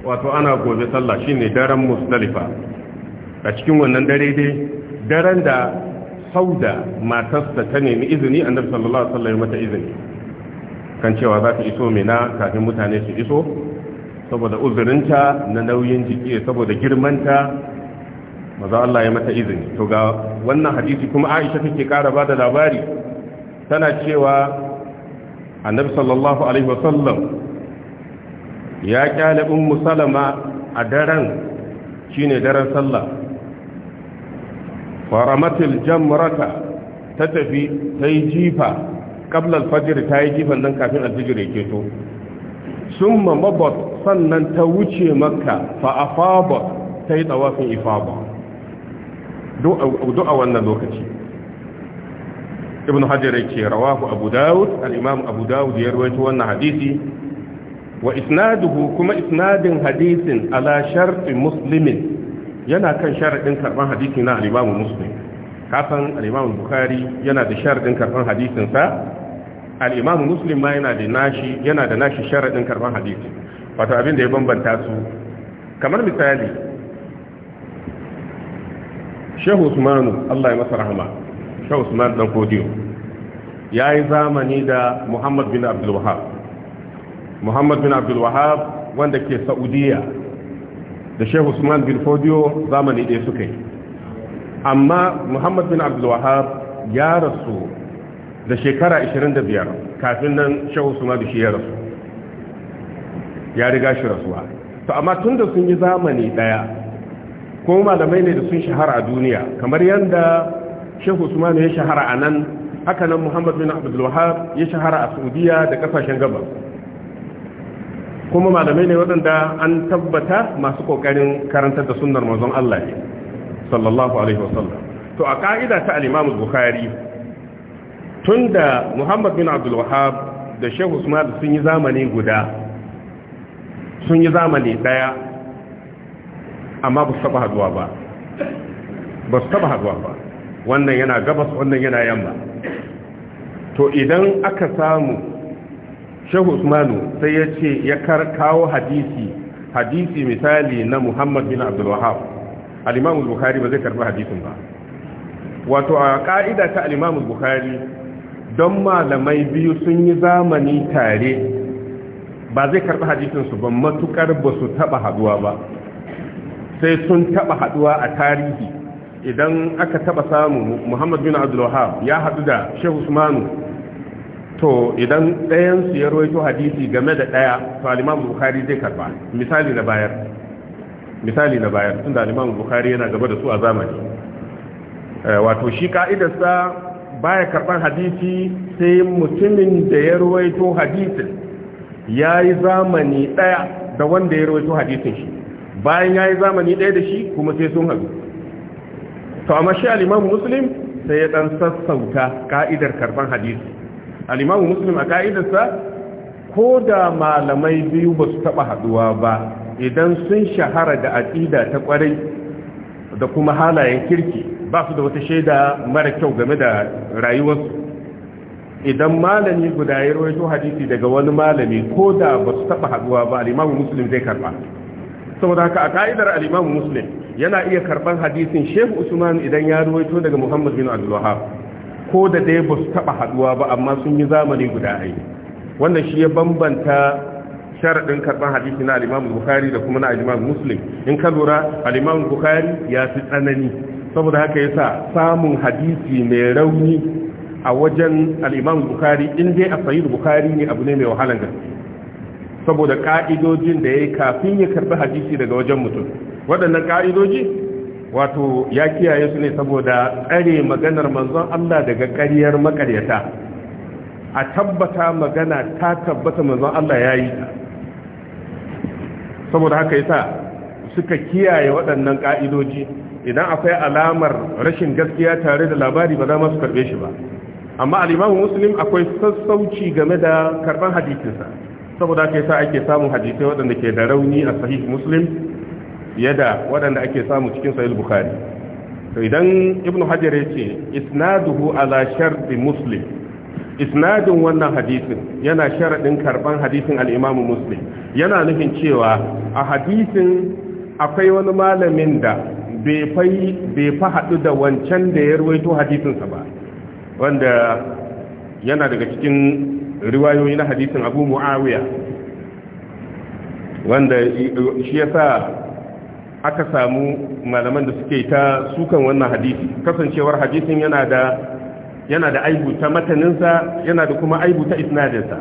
wato ana gobe sallah shine daren musdalifa a cikin wannan dare dai daren da sauda matarsa ta nemi izini annabi sallallahu alaihi wasallam mata izini kan cewa za ta iso mina kafin mutane su iso saboda uzurinta na nauyin jiki saboda girmanta maza Allah ya mata izini to ga wannan hadisi kuma Aisha take kara bada labari tana cewa annabi sallallahu alaihi wasallam ya kyale mu salama a daren shine daren sallah faramatil jamrata ta tafi ta yi jifa kabla alfajir ta yi jifan nan kafin aljijir ya keto sun mamabat sannan ta wuce makka fa'afabat ta yi tsawafin duk a wannan lokaci ibn hajjar ya ce rawahu abu dawud al'imam abu dawud ya ruwaito wannan hadisi wa isnaduhu kuma isnadin hadisin ala sharti muslimin yana kan sharaɗin karɓar hadisi na al-imamu muslim kafan al-imamu bukhari yana da sharaɗin karɓar hadisinsa, sa al-imamu muslim ma yana da nashi yana da nashi sharadin karban hadisi wato abin da ya bambanta su kamar misali Shehu Usmanu Allah ya masa rahama Shehu Usman dan kodiyo yi zamani da Muhammad bin Abdul Wahhab muhammad bin abdul wanda ke saudiya da shehu usman bin fodiyo zamani ɗaya suka yi amma muhammad bin abdul ya rasu da shekara 25 kafin nan shehu usman shi ya rasu ya riga shi rasuwa to amma tun da sun yi zamani ɗaya ko malamai ne da sun shahara a duniya kamar yadda shehu usman ya shahara a nan haka nan muhammad bin abdul ya shahara a saudiya da kasashen gabas kuma malamai ne waɗanda an tabbata masu ƙoƙarin karantar da sunnar manzon Allah ne sallallahu alaihi wasallam to a ka'ida ta al-Imam Bukhari tunda Muhammad bin Abdul Wahhab da Sheikh Usman sun yi zamani guda sun yi zamani daya amma ba su taba haduwa ba ba su taba haduwa ba wannan yana gabas wannan yana yamma to idan aka samu shehu usmanu sai ya ce ya kawo hadisi hadisi misali na muhammad bin abdulwahab al'imamu bukhari ba zai karbi hadisin ba wato a ƙa'ida ta al'imamu bukhari don malamai biyu sun yi zamani tare ba zai karbi hadisinsu ba matuƙar ba su taɓa haduwa ba sai sun taɓa haduwa a tarihi idan aka taɓa samu muhammad bin abdulwahab ya haɗu da shehu usmanu to idan ɗayan su ya rawaito hadisi game da ɗaya to aliman bukari Bukhari zai karba misali na bayar misali na bayar tun da aliman Bukhari yana gaba da su a zamani eh, wato shi ka'idarsa baya karban hadisi sai mutumin da ya hadisi hadisin yi zamani ɗaya da wanda ya rawaito hadisin shi bayan ya yi zamani ɗaya da shi kuma sai sun haɗu to amma shi aliman musulun Muslim sai ya ɗan sassauta ka'idar karban hadisi al'imamu muslim a ka'idarsa ko da malamai biyu ba su taɓa haɗuwa ba idan sun shahara da aƙida ta ƙwarai da kuma halayen kirki ba su da wata shaida mara kyau game da rayuwarsu idan malami guda ya rawaito hadisi daga wani malami ko da ba su taɓa haɗuwa ba al'imamu muslim zai karɓa saboda haka a ka'idar al'imamu muslim yana iya karɓar hadisin shehu usman idan ya rawaito daga muhammad bin abdulwahab ko da dai ba su taɓa haɗuwa ba amma sun yi zamani guda ai wannan shi ya bambanta sharaɗin karban hadisi na al-Imam bukhari da kuma na al-Imam muslim in ka lura al-Imam bukhari ya fi tsanani saboda haka yasa samun hadisi mai rauni a wajen al-Imam bukhari in dai a sahih bukhari ne abu ne mai wahalan gaske saboda ka'idojin da ya kafin ya karɓi hadisi daga wajen mutum waɗannan ka'idoji wato ya kiyaye su ne saboda tsare maganar manzon Allah daga ƙaryar makaryata a tabbata magana ta tabbata manzon Allah ya yi saboda haka yasa suka kiyaye waɗannan ƙa'idoji idan akwai alamar rashin gaskiya tare da labari ba za ma su karɓe shi ba amma al'imamu muslim akwai sassauci game da karɓar hadisinsa saboda haka yasa ake samun hadisai waɗanda ke da rauni a sahih muslim fiye da waɗanda ake samu cikin sahih bukhari to idan ibnu hajar ya ce isnaduhu ala sharti muslim isnadin wannan hadisin yana sharadin karban hadisin al-imam muslim yana nufin cewa a hadisin akwai wani malamin da bai fai bai fa hadu da wancan da ya ruwaito hadisinsa ba wanda yana daga cikin riwayoyi na hadisin abu muawiya wanda shi yasa aka samu malaman da suke ta sukan wannan hadisi kasancewar hadisin yana da yana da aibu mataninsa yana da kuma aibuta isnadinsa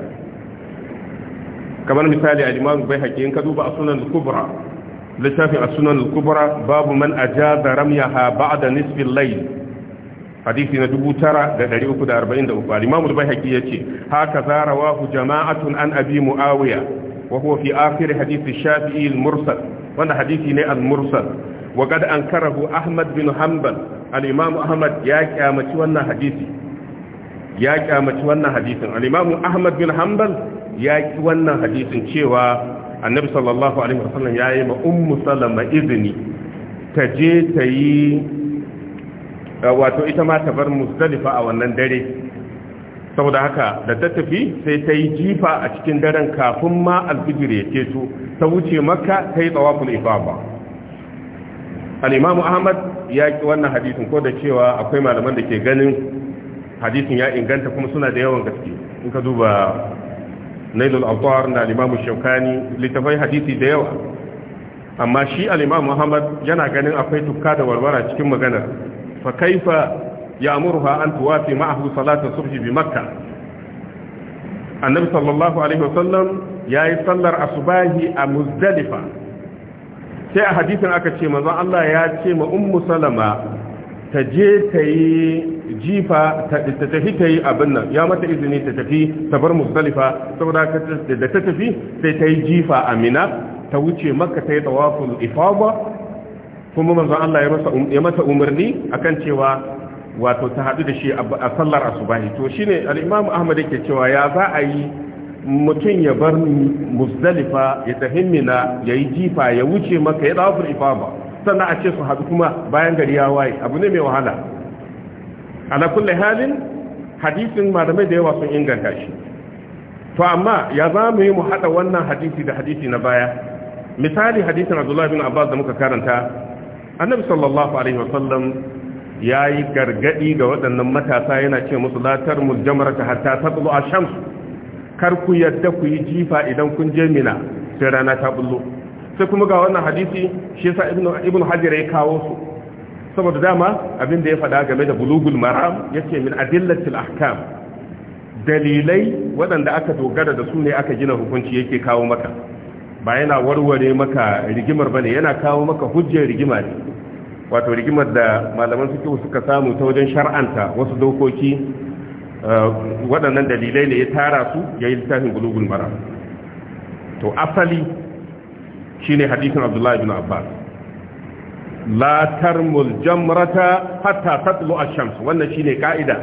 kamar misali al bai bayhaqi in ka duba a sunan al-kubra littafin a sunan al-kubra babu man a ja da ramyaha ba'da da nisfin layl hadisi na 9343 al bai al ya ce haka zarawahu jama'atun an abi muawiya وهو في آخر حديث الشافعي المرسل وانا حديثي ني المرسل وقد أنكره أحمد بن حنبل الإمام أحمد يا كامتي وانا حديثي يا كامتي وانا حديثي الإمام أحمد بن حنبل يا وانا حديثي شيوا النبي صلى الله عليه وسلم يا إما أم سلمة إذني تجي تي wato ita ma ta bar musdalifa a wannan dare saboda haka da ta tafi sai ta yi jifa a cikin daren kafin ma alfijir ya ceto ta wuce maka ta yi tsawaful ifaba al'imamu ahmad ya ki wannan hadisin ko da cewa akwai malaman da ke ganin hadisin ya inganta kuma suna da yawan gaske in ka duba nailul alfawar na al'imamu shaukani littafai hadisi da yawa amma shi al'imamu ahmad yana ganin akwai tukka da warwara cikin maganar fa kaifa ya'muruha an tuwafi ma'ahu salata subhi bi makkah annabi sallallahu ya yi sallar asubahi a muzdalifa sai a hadisin aka ce manzon Allah ya ce ma ummu salama ta je ta jifa ta tafi yi abin nan ya mata izini ta tafi ta bar muzdalifa da ta tafi sai jifa a mina ta wuce makka ta yi kuma manzon Allah ya mata umarni akan cewa wato ta haɗu da shi a sallar asubahi to shine al-imam ahmad yake cewa ya za a yi mutum ya bar muzdalifa ya tahimmina ya yi jifa ya wuce maka ya dawo ifama sannan a ce su hadu kuma bayan gari ya waye abu ne mai wahala ala kulli halin hadisin malamai da yawa sun inganta shi to amma ya za mu yi mu haɗa wannan hadisi da hadisi na baya misali hadisin abdullahi bin abbas da muka karanta annabi sallallahu alaihi sallam. ya yi gargadi ga waɗannan matasa yana ce musu latar jamarta, ta hatta ta tsulo a shamsu kar ku yadda ku yi jifa idan kun je mina sai rana ta bullo sai kuma ga wannan hadisi shi sa Ibn hajar ya kawo su saboda dama abin da ya faɗa game da bulugul maram ya ce min adillatil ahkam dalilai waɗanda aka dogara da su ne aka gina hukunci yake kawo maka ba yana warware maka rigimar bane yana kawo maka hujjar rigima ne wato rigimar da malaman suke suka samu ta wajen shar'anta wasu dokoki eh, waɗannan dalilai ne ya tara su ya yi littafin gulugun mara to asali ne hadisin abdullahi bin abbas la tarmul hatta tatlu shams wannan shine ka'ida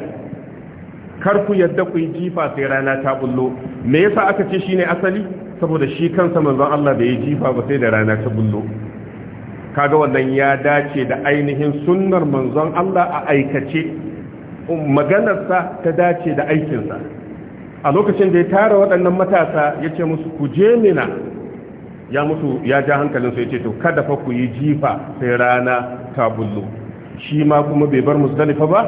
kar ku yadda ku yi jifa sai rana ta bullo me yasa aka ce shine asali saboda shi kansa manzon Allah da ya jifa ba sai da rana ta bullo kaga wannan ya dace da ainihin sunnar manzon Allah a aikace um, maganarsa ta dace da aikinsa a lokacin da ya tara waɗannan matasa ya ce musu ku je mina ya musu ya ja hankalinsu ya ce to kada fa ku yi jifa sai rana ta bullo shi ma kuma bai bar musdalifa ba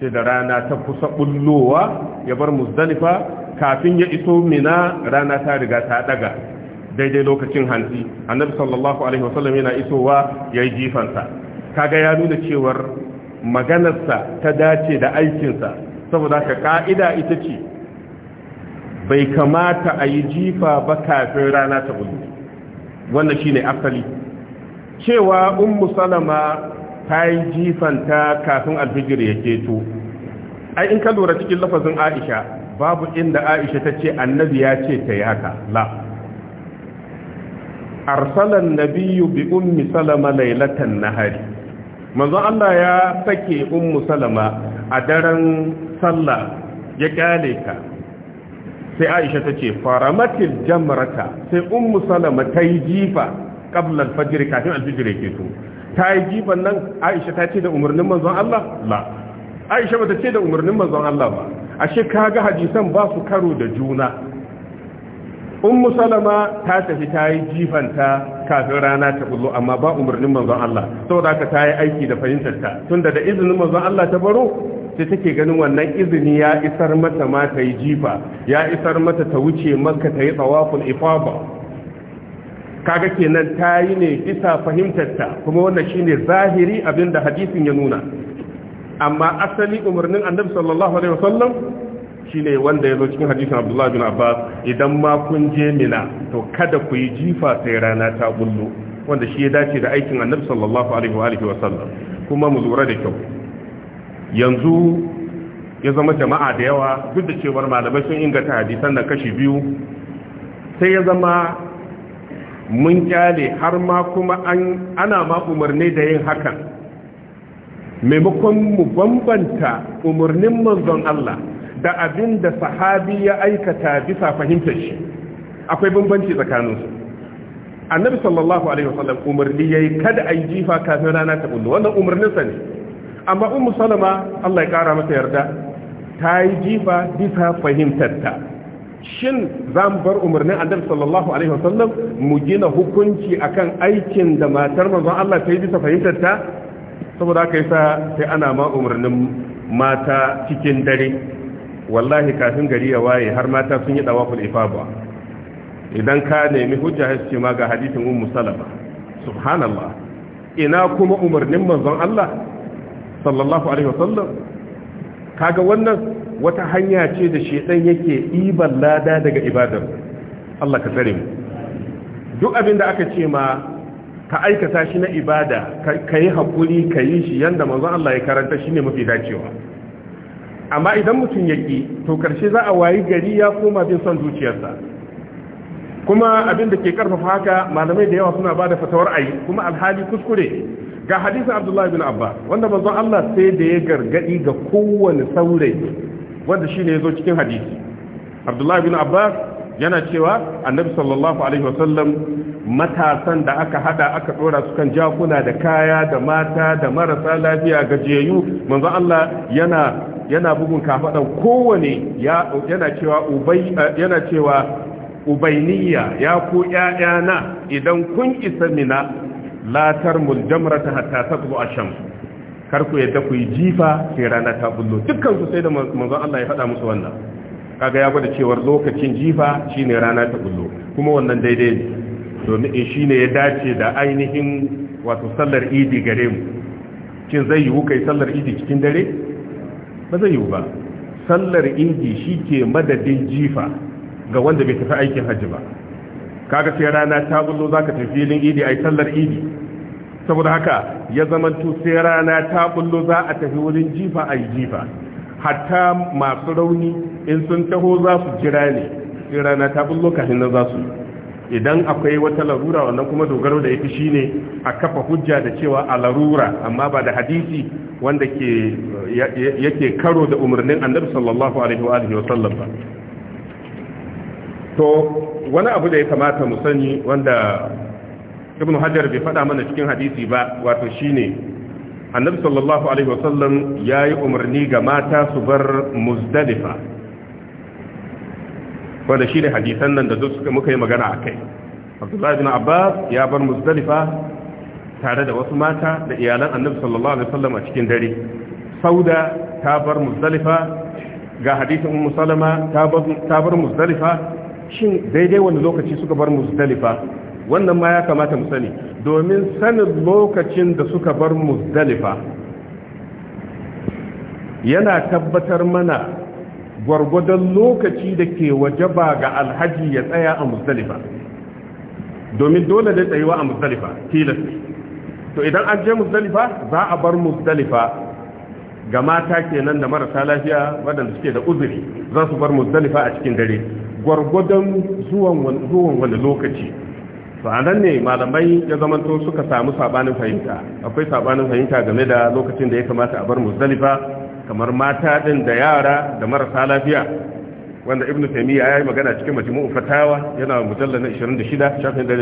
sai da rana ta kusa bullowa ya bar musdalifa kafin ya iso mina rana ta riga ta daga daidai lokacin hantsi annabi sallallahu alaihi wasallam yana isowa ya yi jifansa kaga ya nuna cewar maganarsa ta dace da aikinsa saboda ka ka'ida ita ce bai kamata a yi jifa ba kafin rana ta bulu wannan shine asali cewa ummu salama ta yi jifanta kafin alfijir ya keto ai in ka lura cikin lafazin aisha babu inda aisha ta ce annabi ya ce ta yi haka la arsalan nabiyyu bi ummi salama lailatan nahari manzo Allah ya sake ummu salama a daren sallah ya kyale ka sai Aisha tace faramatil jamrata sai ummu salama ta yi jifa qabla al-fajr kafin al-fajr yake so ta yi jifan nan Aisha ta ce da umarnin manzon Allah la Aisha bata ce da umarnin manzon Allah ba ashe kaga hadisan ba su karo da juna ummu salama ta tafi ta yi jifanta kafin rana ta bullo amma ba umarnin manzon Allah saboda ka ta yi aiki da fahimtar ta tunda da izinin manzon Allah ta baro sai take ganin wannan izini ya isar mata ma ta yi jifa ya isar mata ta wuce makka ta yi tawaful ifaba kaga kenan ta yi ne bisa fahimtar ta kuma wannan shine zahiri abinda hadisin ya nuna amma asali umarnin annabi sallallahu alaihi wasallam shine wanda ya zo cikin hadisin abdullahi bin abbas idan ma kun je mina to kada ku yi jifa sai rana ta bullo wanda shi ya dace da aikin annabi sallallahu alaihi wa alihi wa sallam kuma mu lura da kyau yanzu ya zama jama'a da yawa duk da cewar malamai sun inganta hadisan da kashi biyu sai ya zama mun kyale har ma kuma ana ma umarni da yin hakan maimakon mu bambanta umarnin manzon Allah da abin da sahabi ya aikata bisa fahimtar shi akwai bambanci tsakaninsu annabi sallallahu alaihi wasallam umarni yayi kada ai jifa kafin rana ta bullo wannan umarnin sa ne amma ummu salama Allah ya kara mata yarda ta yi jifa bisa fahimtarta shin zamu bar umarnin annabi sallallahu alaihi wasallam mu gina hukunci akan aikin da matar manzon Allah ta yi bisa fahimtarta saboda haka yasa sai ana ma umarnin mata cikin dare wallahi kafin gari ya waye har mata sun yi dawaful ifaba idan ka nemi hujja ya ma ga hadisin ummu salama subhanallah ina kuma umarnin manzon Allah sallallahu alaihi wasallam kaga wannan wata hanya ce da shedan yake iban lada daga ibadar Allah ka tsare mu duk abin da aka ce ma ka aikata shi na ibada ka yi haƙuri ka yi shi yadda manzon Allah ya karanta shi ne mafi dacewa amma idan mutum ya ƙi to ƙarshe za a wayi gari ya koma bin son zuciyarsa kuma abin da ke ƙarfafa haka malamai da yawa suna ba da fatawar ayi kuma alhali kuskure ga hadisi abdullahi bin abba wanda manzo Allah sai da ya gargadi ga kowane saurayi wanda shine ya zo cikin hadisi abdullahi bin abba yana cewa annabi sallallahu alaihi wasallam matasan da aka hada aka dora su kan jakuna da kaya da mata da marasa lafiya gajiyayyu manzo Allah yana yana bugun kafadan kowane yana cewa ubainiya yana cewa ubayniya ya ku ƴaƴana idan kun isa mina latar ta hatta ta ash-shams kar ku yadda ku yi jifa sai rana ta bullo dukkan su sai da manzon Allah ya fada musu wannan kaga ya gwada cewa lokacin jifa shine rana ta bullo kuma wannan daidai ne domin eh, shine ya dace da ainihin wato sallar idi gare mu cin zai yiwu kai sallar idi cikin dare ba zai yiwu ba sallar inji shi ke madadin jifa ga wanda bai tafi aikin hajji ba kaga sai rana ta bullo ka tafi filin idi a sallar idi saboda haka ya zama sai rana ta bullo za a tafi wurin jifa a yi jifa hatta masu rauni in sun taho za su jira ne sai rana ta bullo kafin nan za su yi idan akwai wata larura wannan kuma dogaro da ita shine a kafa hujja da cewa a larura amma ba da hadisi wanda ke yake karo da umarnin annabi sallallahu alaihi wa alihi wasallam ba to wani abu da ya kamata mu sani wanda ibnu hajar bai faɗa mana cikin hadisi ba wato shine annabi sallallahu alaihi wasallam yayi umarni ga mata su bar muzdalifa wanda ne hadisan nan da suka muka yi magana a kai. Abdullahi bin Abbas ya bar musdalifa tare da wasu mata da iyalan Annabi sallallahu alaihi wasallam a cikin dare Sauda ta bar musdalifa ga hadisin Ummu Salama ta bar musdalifa shin daidai wani lokaci suka bar musdalifa wannan ma ya kamata mu sani domin sanin lokacin da suka bar musdalifa yana tabbatar mana gwargwadon lokaci da ke wajaba ga alhaji ya tsaya a musdalifa domin dole da tsayuwa a musdalifa tilas to idan an je musdalifa za a bar musdalifa ga mata kenan da marasa lafiya wadanda suke da uzuri za su bar musdalifa a cikin dare gwargwadon zuwan wani lokaci to a nan ne malamai ya zamanto suka samu sabanin fahimta akwai sabanin fahimta game da lokacin da ya kamata a bar musdalifa kamar mata ɗin da yara da marasa lafiya wanda ibnu ya yi magana cikin majmu'u fatawa yana mujallal na 26 shafin da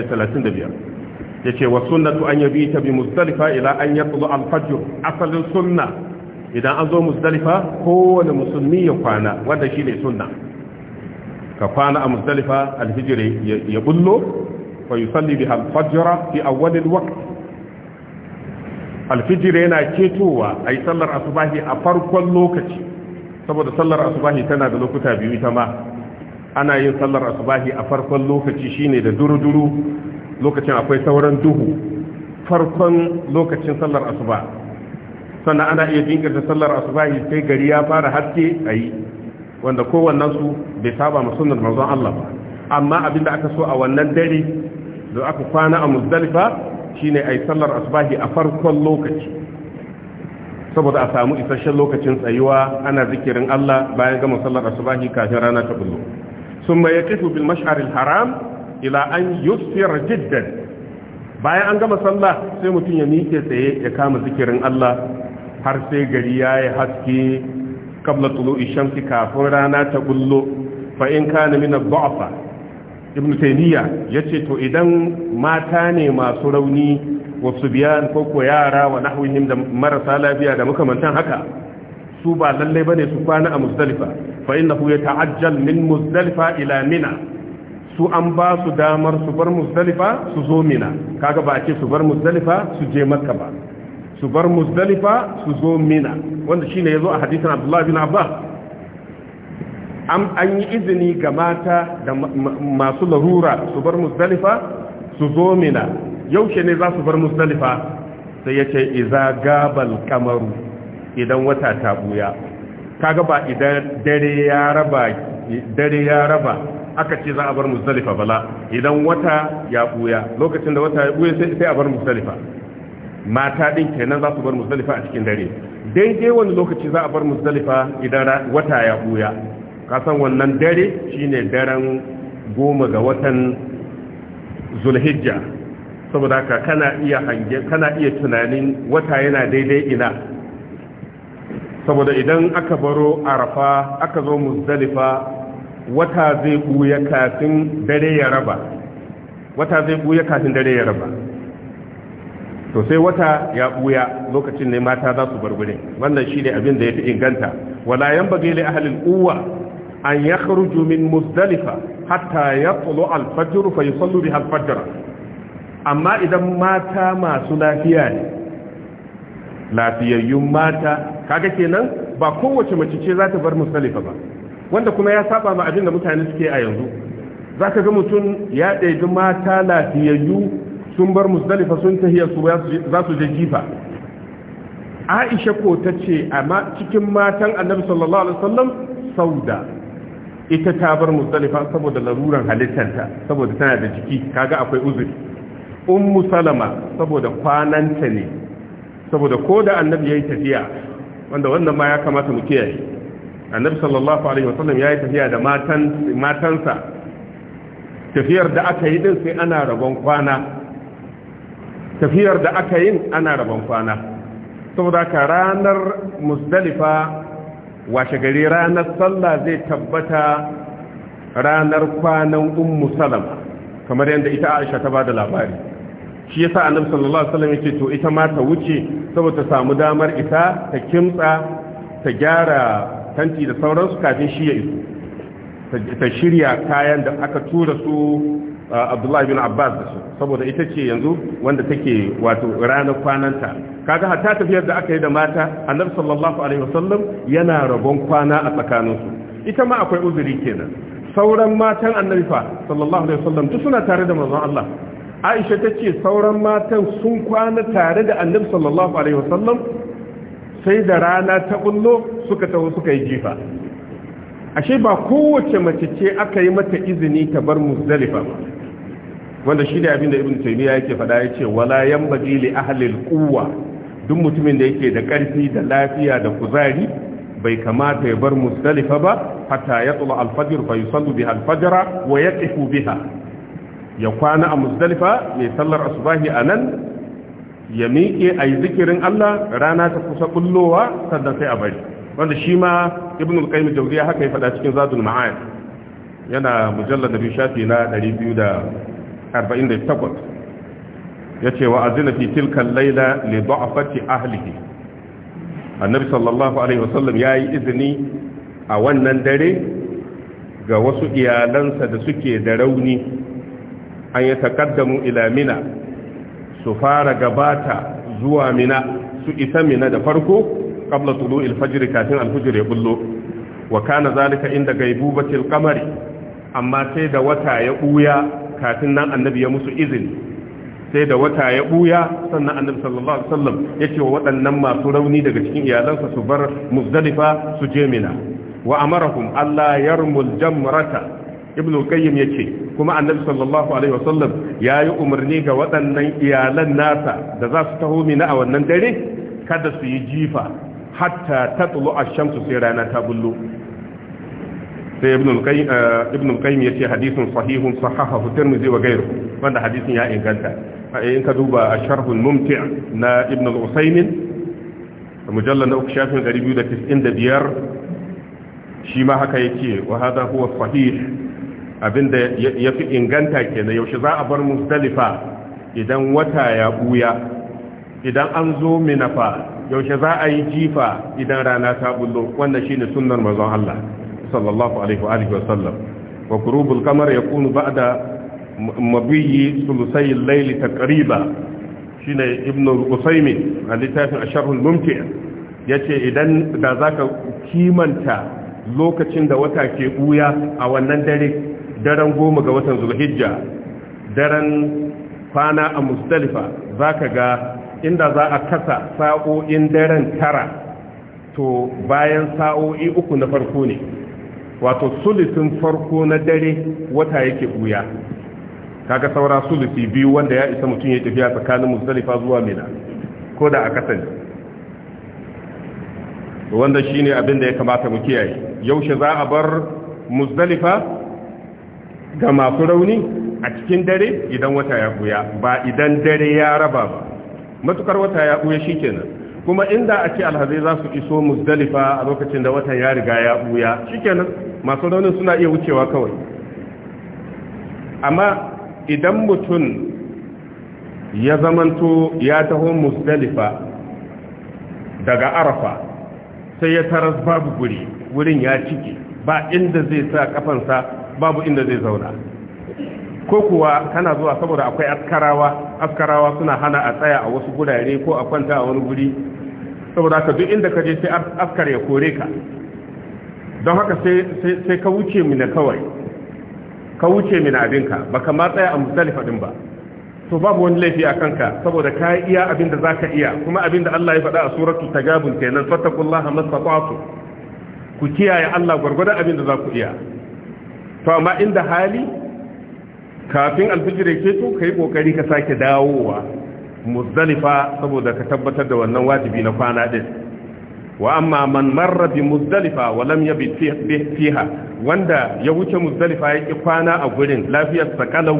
ya ce wa sunnatu an ta bi muzdalifa ila an yatlu al-fajr asalin suna idan an zo muzdalifa kowane musulmi ya kwana wanda shi ne suna ka kwana a muzdalifa al ya bullo fa yusalli biha al-fajr fi awwal al-waqt alfijir yana ketowa a yi sallar asubahi a farkon lokaci saboda sallar asubahi tana da lokuta biyu ta ma ana yin sallar asubahi a farkon lokaci shine da duru-duru lokacin akwai sauran duhu farkon lokacin sallar asuba sannan ana iya jinkirta sallar asubahi sai gari ya fara haske a yi wanda su bai saba musulman manzon Allah ba amma abinda aka so a wannan dare da aka kwana a muzdalifa shine ai sallar asbahi a farkon lokaci saboda a samu isasshen lokacin tsayuwa ana zikirin Allah bayan gama sallar asbahi kafin rana ta bullo summa yaqifu bil mash'aril haram ila an yusfira jiddan bayan an gama sallah sai mutum ya miƙe tsaye ya kama zikirin Allah har sai gari ya yi haske kabla tulu shamsi kafin rana ta bullo fa in kana min ad-du'afa ibn ya ce to idan mata ne masu rauni wa subyan ko ko yara wa nahwihim da marasa lafiya da makamantan haka su ba lallai bane su kwana a muzdalifa fa innahu yata'ajjal min muzdalifa ila mina su an ba su damar su bar muzdalifa su zo mina kaga ba a ce su bar muzdalifa su je makka ba su bar muzdalifa su zo mina wanda shine yazo a hadisin abdullahi bin abbas an yi izini ga mata da masu larura su bar musdalifa su zo mina yaushe ne za su bar musdalifa sai ya ce iza gabal kamaru idan wata ta buya ga ba idan dare ya raba dare ya raba aka ce za a bar musdalifa bala idan wata ya buya lokacin da wata ya buya sai a bar musdalifa mata din kenan za su bar musdalifa a cikin dare daidai wani lokaci za a bar musdalifa idan wata ya buya kasan wannan dare shine daren goma ga watan zulhijja saboda ka kana iya hange kana iya tunanin wata yana daidai ina saboda idan aka baro arafa aka zo muzdalifa wata zai buya kafin dare ya raba wata zai buya kafin dare ya raba to sai wata ya buya lokacin ne mata za su barbare wannan shine abin da yafi inganta wala yanbaghi li ahli al-quwwa an yakhruju min muzdalifa hatta ya al-fajr fa yusallu biha al-fajr amma idan mata masu lafiya ne lafiyayyun mata kaga kenan ba kowace mace ce za ta bar muzdalifa ba wanda kuma ya saba ma abin da mutane suke a yanzu za ka ga mutum ya ɗaibi mata lafiyayyu sun bar musdalifa sun hiyar su za su je jifa aisha ko ta ce a cikin matan annabi sallallahu alaihi wasallam sauda ita ta bar musdalifa saboda laruran halittanta saboda tana da jiki kaga akwai uzuri ummu salama saboda kwananta ne saboda ko da annabi yayi tafiya wanda wannan ma ya kamata mu kiyaye annabi sallallahu alaihi wasallam yayi tafiya da matan matansa tafiyar da aka yi din sai ana rabon kwana tafiyar da aka yin ana rabon kwana saboda ka ranar musdalifa washe gari ranar sallah zai tabbata ranar kwanan ummu salama kamar yadda ita aisha ta ba da labari shi yasa annabi sallallahu alaihi wasallam yake to ita ma ta wuce saboda ta samu damar isa ta kimtsa ta gyara tanti da sauransu kafin shi ya iso ta shirya kayan da aka tura su uh, Abdullahi bin Abbas da su saboda ita ce yanzu wanda take wato ranar kwananta kaga hatta tafiyar da aka yi da mata annabi sallallahu alaihi wasallam yana rabon kwana a tsakaninsu ita ma akwai uzuri kenan sauran matan annabi fa sallallahu alaihi wasallam duk suna tare da manzon Allah Aisha ta ce sauran matan sun kwana tare da annabi sallallahu alaihi wasallam sai da rana ta bullo suka taho suka yi jifa ashe ba kowace mace ce aka yi mata izini ta bar muzdalifa ba wanda shi ne abin da ibn taymiya yake faɗa yace wala yanbaji li ahli al-quwwa duk mutumin da yake da ƙarfi da lafiya da kuzari bai kamata ya bar musdalifa ba hatta ya tsula alfajir fa yusallu biha alfajra wa yaqifu biha ya kwana a musdalifa mai sallar asubahi anan ya miƙe a yi zikirin Allah rana ta kusa kullowa sannan sai a bari wanda shi ma ibn al-qayyim jawziya haka ya faɗa cikin zadul ma'ad yana mujallad da shafi na 248 ce wa azina fi Laila layla li du'afati ahlihi annabi sallallahu alaihi wasallam yayi izini a wannan dare ga wasu iyalansa da suke da rauni an ya takaddamu ila mina su fara gabata zuwa mina su isa mina da farko kabla tulu ilfajiri kafin al ya bullo wa kana zalika inda gaibubatil qamari amma sai da wata ya ɓuya kafin nan annabi ya musu izini sai da wata ya buya sannan annabi sallallahu alaihi wasallam ya ce wa waɗannan masu rauni daga cikin iyalansa su bar muzdalifa su je mina wa amarahum Allah yarmul jamrata ibnu qayyim yace kuma annabi sallallahu alaihi wasallam yayi umarni ga waɗannan iyalan nasa da za su taho mina a wannan dare kada su yi jifa hatta tatlu ash-shamsu sai rana ta bullo sai ibn al-qayyim eh, yace hadisin sahihun sahahahu tirmidhi wa ghayruhu wanda hadisin ya inganta in ka duba a sharhun mumti na ibn al-usaymin mujallal na uku shafin 295 shi ma haka yake wa hada huwa sahih abinda yafi inganta kenan yaushe za a bar muzdalifa idan wata ya buya idan an zo minafa yaushe za a yi jifa idan rana ta bullo wannan shine sunnar manzon Allah sallallahu alaihi wa alihi wa sallam kamar ya qamar ba'da mabiyi sulusai laili shi ne ibn al a littafin asharhul mumti' yace idan da za ka kimanta lokacin da wata ke buya a wannan dare daren goma ga watan zulhijja daren kwana a musdalifa ka ga inda za a kasa sa'o'in daren tara to bayan sa'o'i uku na farko ne wato sulisin farko na dare wata yake buya kaga saura sulusi biyu wanda ya isa mutum ya tafiya tsakanin musdalifa zuwa mina ko da a kasan wanda shine abin da ya kamata mu kiyaye yaushe za a bar musdalifa ga masu rauni a cikin dare idan wata ya buya ba idan dare ya raba ba matukar wata ya buya kenan kuma inda a ce alhazai za su iso musdalifa a lokacin da watan ya riga ya buya kenan masu raunin suna iya wucewa kawai amma idan mutum ya zamanto ya taho musdalifa daga arafa sai ya taras babu guri wurin ya cike ba inda zai sa kafansa babu inda zai zauna ko kuwa kana zuwa saboda akwai askarawa askarawa suna hana a tsaya a wasu gurare ko a kwanta a wani guri saboda ka duk inda ka je sai askar ya kore ka don haka sai ka wuce mina kawai ka wuce min abinka ba ma tsaya a musdalifa faɗin ba to babu wani laifi a kanka saboda ka iya abin da ka iya kuma abin da Allah ya faɗa a suratul tagabun kenan fattaqullaha mastata'tu ku kiyaye Allah gwargwadon abin da za ku iya to amma inda hali kafin alfijir yake to yi ƙoƙari ka sake dawowa muzdalifa saboda ka tabbatar da wannan wajibi na kwana ɗin wa amma man marra bi muzdalifa wa lam yabit fiha wanda ya wuce muzdalifa yake kwana a gurin lafiyar sa kalau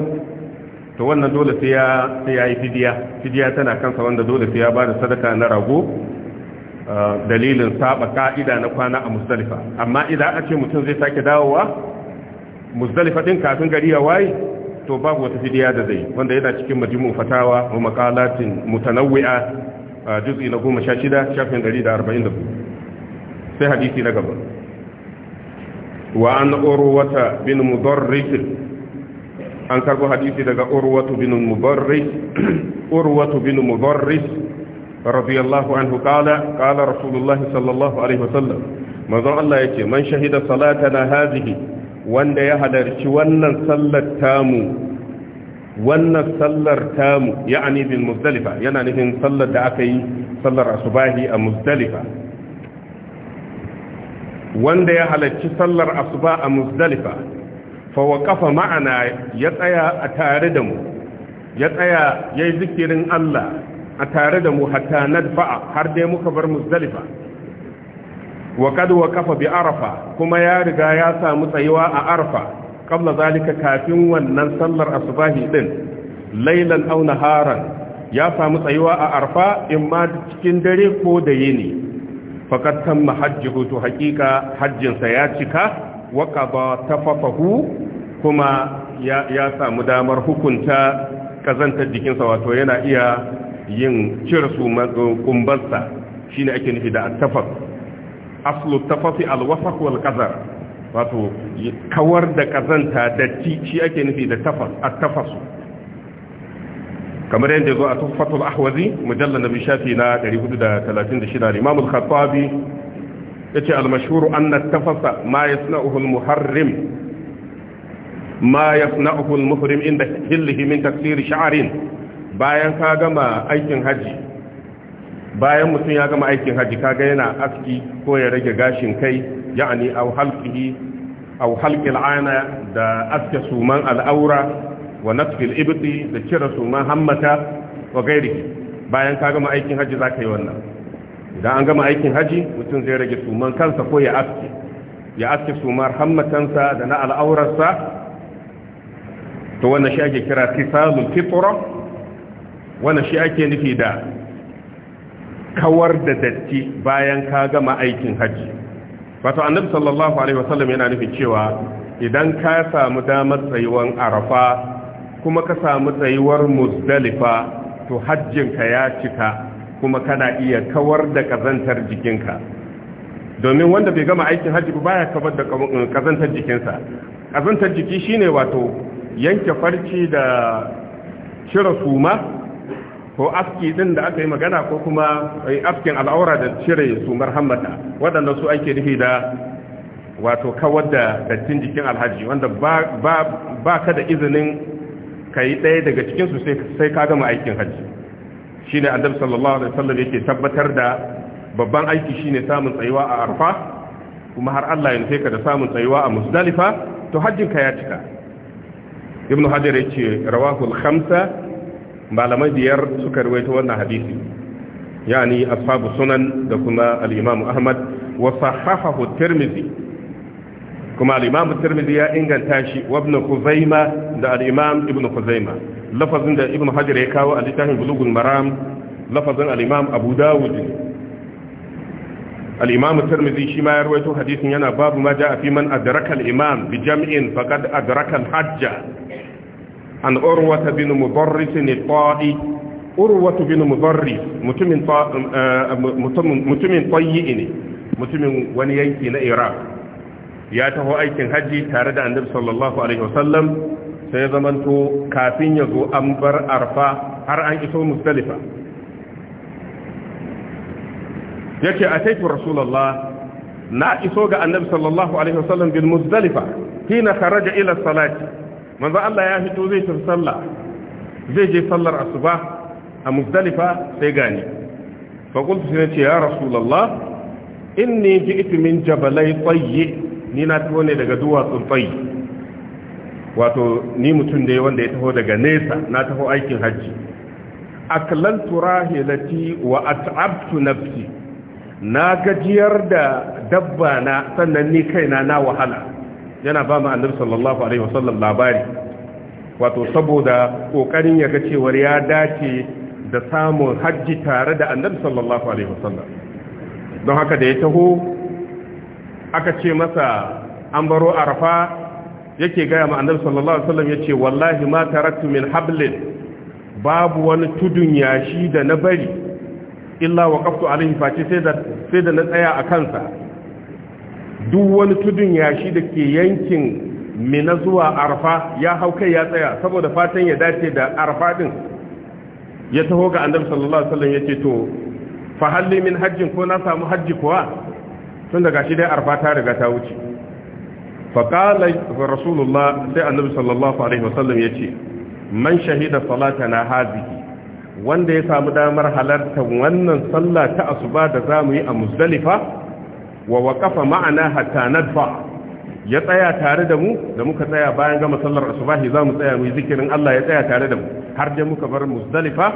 to wannan dole sai ya sai yayi fidiya fidiya tana kansa wanda dole sai ya ba da sadaka na rago uh, dalilin saba ka'ida na kwana a muzdalifa amma idan a ce mutum zai sake dawowa muzdalifa din kafin gari ya waye to babu wata fidiya da zai wanda yana cikin majmu'u fatawa wa maqalatin mutanawwi'a a juz'i na goma sha shida shafin ɗari da arba'in da hudu sai hadisi na gaba wa an urwata bin mudarris an karbo hadisi daga urwatu bin mudarris urwatu bin mudarris radiyallahu anhu qala qala rasulullah sallallahu alaihi wasallam manzon Allah yake man shahida salatana hazihi wanda ya hadarci wannan sallar tamu wannan sallar tamu ya'ani bil muzdalifa yana nufin sallar da aka yi sallar asubahi a muzdalifa wanda ya halarci sallar asuba a muzdalifa fa waqafa ma'ana ya tsaya a tare da mu ya tsaya yayi zikirin Allah a tare da mu hatta nadfa'a har dai muka bar muzdalifa wa wa waqafa bi arafa kuma ya riga ya samu tsayuwa a arafa qabla zalika kafin wannan sallar asubahi din laylan aw naharan ya samu tsayuwa a arfa in ma cikin dare ko da yini faqad tamma hajjuhu to haqiqa hajjin sa ya cika wa qada tafafahu kuma ya ya samu damar hukunta kazantar jikinsa wato yana iya yin cire su kumbarsa shine ake nufi da tafaf aslu tafafi alwasaq wal wato kawar da kazanta datti shi ake nufi da tafas tafasu kamar yadda zo a tuffatul ahwazi mujalla na bishafi na 436 imam al ya ce almashuru an na tafasa ma yasna'uhu al-muharrim ma yasna'uhu al muharrim inda hillihi min taksir sha'arin bayan ka gama aikin haji bayan mutum ya gama aikin haji kaga yana aski ko ya rage gashin kai ya'ani aw halqihi da aske suman al'aura wa natfi al da cire suman bayan ka gama aikin haji zaka yi wannan idan an gama aikin haji mutum zai rage suman kansa ko ya aske ya aske sumar hammatansa da na al'aurarsa to wannan shi ake kira tisalul fitra wannan shi ake nufi da kawar da datti bayan ka gama aikin haji wato annabi sallallahu alaihi wasallam yana nufin cewa idan ka samu damar tsayuwar arafa kuma ka samu tsayuwar muzdalifa to hajjinka ya cika kuma kana iya kawar da kazantar jikinka domin wanda bai gama aikin hajji baya kawar da kazantar eh, jikinsa kazantar jiki shine wato yanke farci da cire suma ko aski din da aka yi magana ko kuma eh, askin al'aura da cire su marhammata waɗanda su ake nufi da wato kawar da dattin jikin alhaji wanda ba ka da izinin ka yi ɗaya daga cikinsu sai ka gama aikin hajji shi ne adam sallallahu alaihi sallam yake tabbatar da babban aiki shine samun tsayuwa a arfa kuma har Allah ya ka da samun tsayuwa a musdalifa to hajjinka ya cika ibnu hajar yace rawahu al-khamsa malamai biyar suka rawaito wannan hadisi yani ashabu sunan da kuma al-imam ahmad wa sahahahu tirmidhi kuma al-imam tirmidhi ya inganta shi wa ibn khuzaima da al-imam ibn khuzaima lafazin da ibn hajar ya kawo a littafin bulughul maram lafazin al-imam abu dawud al-imam tirmidhi shi ma ya rawaito hadisin yana babu ma ja'a fi man adraka al-imam bi jam'in faqad adraka al-hajja عن أروة بن مضرس الطائي أروة بن مضرس متمن طا... آه، متمن طيئني متمن ونيئتين إراق يا ته أيكن هجي تارد عن النبي صلى الله عليه وسلم سيزمنت كافين يزو أمبر أرفا هر أن يسو مختلفة يكي أتيت رسول الله نا إسوغ النبي صلى الله عليه وسلم بالمزدلفة حين خرج إلى الصلاة manzo Allah ya fito zai tafi sallah zai je sallar asuba a muzdalifa sai gani fa qultu sai ce ya rasulullah inni ji'tu min jabalai tayyi ni na taho ne daga duwatsun tayyi wato ni mutum ne wanda ya taho daga nesa na taho aikin hajji aklantu rahilati wa at'abtu nafsi na gajiyar da dabba na sannan ni kaina na wahala yana ba mu annabi sallallahu alaihi wasallam labari wato saboda kokarin ya ga cewar ya dace da samun hajji tare da annabi sallallahu alaihi wasallam don haka da ya taho aka ce masa an baro arafa yake gaya ma annabi sallallahu alaihi wasallam yace wallahi ma taraktu min hablin babu wani tudun yashi da na bari illa waqaftu alaihi face sai da sai da na tsaya a kansa duk wani tudun yashi da ke yankin mina zuwa arfa ya hau kai ya tsaya saboda fatan ya dace da arfa din ya taho ga annabi sallallahu alaihi wasallam yace to fa halli min hajjin ko na samu hajji kuwa tun daga shi dai arfa ta riga ta wuce fa qala rasulullah sai annabi sallallahu alaihi wasallam yace man shahida salatana hadhihi wanda ya samu damar halartar wannan sallah ta asuba da zamu yi a muzdalifa wa waqafa ma'ana hatta nadfa ya tsaya tare da mu da muka tsaya bayan gama sallar asubahi za mu tsaya mu zikirin Allah ya tsaya tare da mu har da muka bar muzdalifa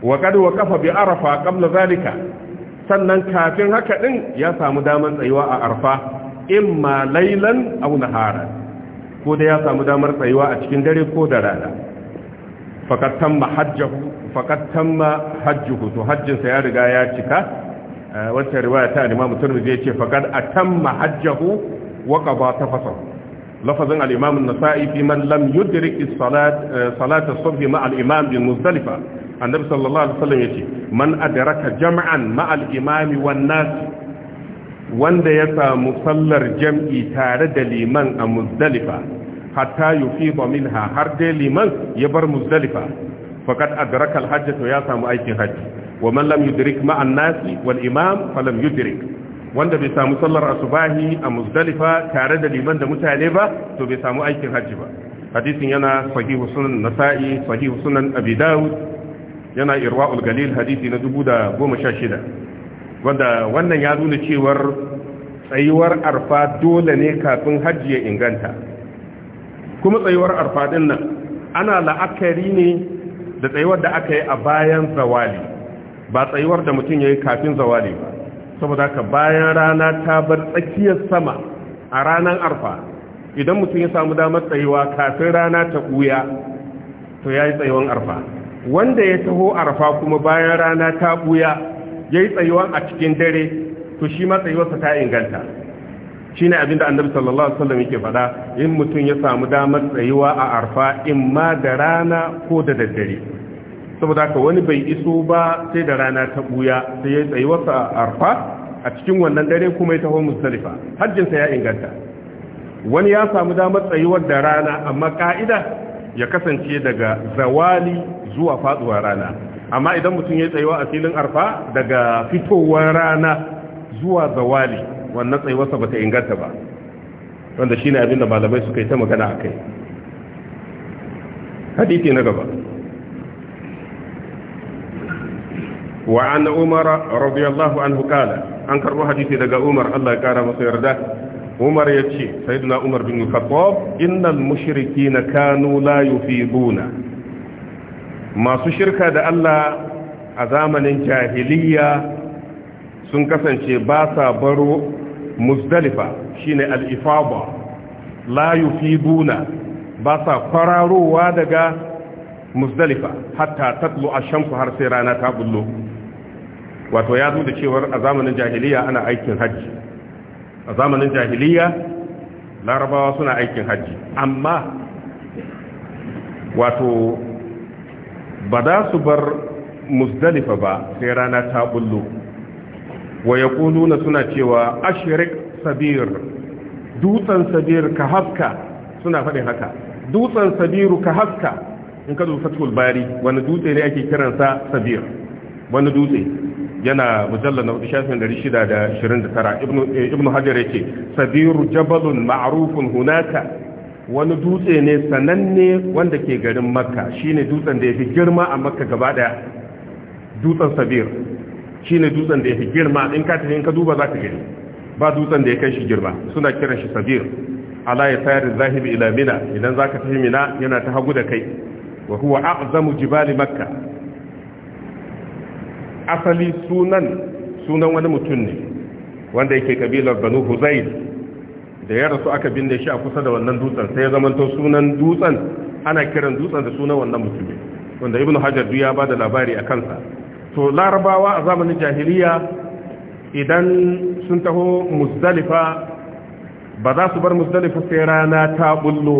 wa kad kafa bi arafa qabla zalika sannan kafin haka din ya samu damar tsayuwa a arfa imma laylan aw nahara ko da ya samu damar tsayuwa a cikin dare ko da rana faqad tamma hajjuhu faqad tamma hajjuhu to hajjin sa ya riga ya cika Eh, wata riwaya ta al-Imam Tirmidhi yace faqad atamma hajjahu wa qada tafasahu lafazin al-Imam an-Nasa'i fi man lam yudrik as-salat eh, salat as-subh ma al-imam bi Muzdalifa annabi sallallahu alaihi wasallam yace man adraka jam'an ma al-imam wan wanda ya samu sallar jam'i tare da liman a Muzdalifa hatta min ha har dai liman ya bar Muzdalifa faqad adraka al hajja to ya samu aikin hajji wa man lam yudrik ma'an nasi wal imam falam yudrik wanda bai samu sallar asubahi a muzdalifa tare da liman da mutane ba to bai samu aikin hajji ba hadisin yana sahihu sunan nasa'i sahihu sunan abi dawud yana irwa'ul galil hadisi na 1016 wanda wannan ya nuna cewar tsayuwar arfa dole ne kafin hajji ya inganta kuma tsayuwar arfa din nan ana la'akari ne da tsayuwar da aka yi a bayan zawali ba tsayuwar da mutum ya yi kafin zawali ba saboda ka bayan rana ta bar tsakiyar sama a ranar arfa idan mutum ya samu damar tsayuwa kafin rana ta ɓuya to ya yi tsayuwan arfa wanda ya taho arfa kuma bayan rana ta ɓuya ya yi tsayuwan a cikin dare to shi ma tsayuwarsa ta inganta shine abin da annabi sallallahu alaihi wasallam yake faɗa in mutum ya samu damar tsayuwa a arfa in ma da rana ko da daddare saboda haka wani bai iso ba sai da rana ta buya sai ya tsayi a arfa a cikin wannan dare kuma ya taho musalifa sa ya inganta wani ya samu damar tsayuwar da rana amma ka'ida ya kasance daga zawali zuwa faduwar rana amma idan mutum ya tsayuwa a filin arfa daga fitowar rana zuwa zawali wannan tsayuwarsa ba ta inganta ba wanda shine abin da malamai suka yi ta magana a kai hadithi na gaba wa umar radiyallahu anhu kala an karbo hadithi daga umar Allah ya kara masa yarda umar ya ce sai duna umar bin khattab innal na kanu la buna masu shirka da Allah a zamanin jahiliya sun kasance ba sa baro muzdalifa shine al layu fi buna ba sa kwararowa daga muzdalifa hatta tatlu a shanku har sai rana ta bullo wato ya zo da cewar a zamanin jahiliya ana aikin hajji a zamanin jahiliya larabawa suna aikin hajji amma wato ba za su bar muzdalifa ba sai rana ta bullo wa ya suna cewa ashirik sabir dutsen sabir ka haska suna faɗin haka dutsen sabiru ka haska in ka zuwa fatul bari wani dutse ne ake kiransa sabir wani dutse yana mujallar na shafin 629 ibn eh, hajar ce sabiru jabalun ma'arufin hunaka wani dutse ne sananne wanda ke garin makka shine dutsen da ya fi girma a makka gaba daya dutsen sabir shine dutsen da ya girma in ka tafi in ka duba za gani ba dutsen da ya kai shi girma suna kiran shi sabir ala ya tayar zahibi ila mina idan zaka ka tafi mina yana ta hagu da kai wa huwa aqzamu jibali makka asali sunan sunan wani mutum ne wanda yake kabilar banu huzayl da ya rasu aka binne shi a kusa da wannan dutsen sai ya zamanto sunan dutsen ana kiran dutsen da sunan wannan mutumin wanda ibnu hajar ya ba da labari a kansa to larabawa a zamanin jahiliya idan sun taho musdalifa ba za su bar musdalifa sai rana ta bullo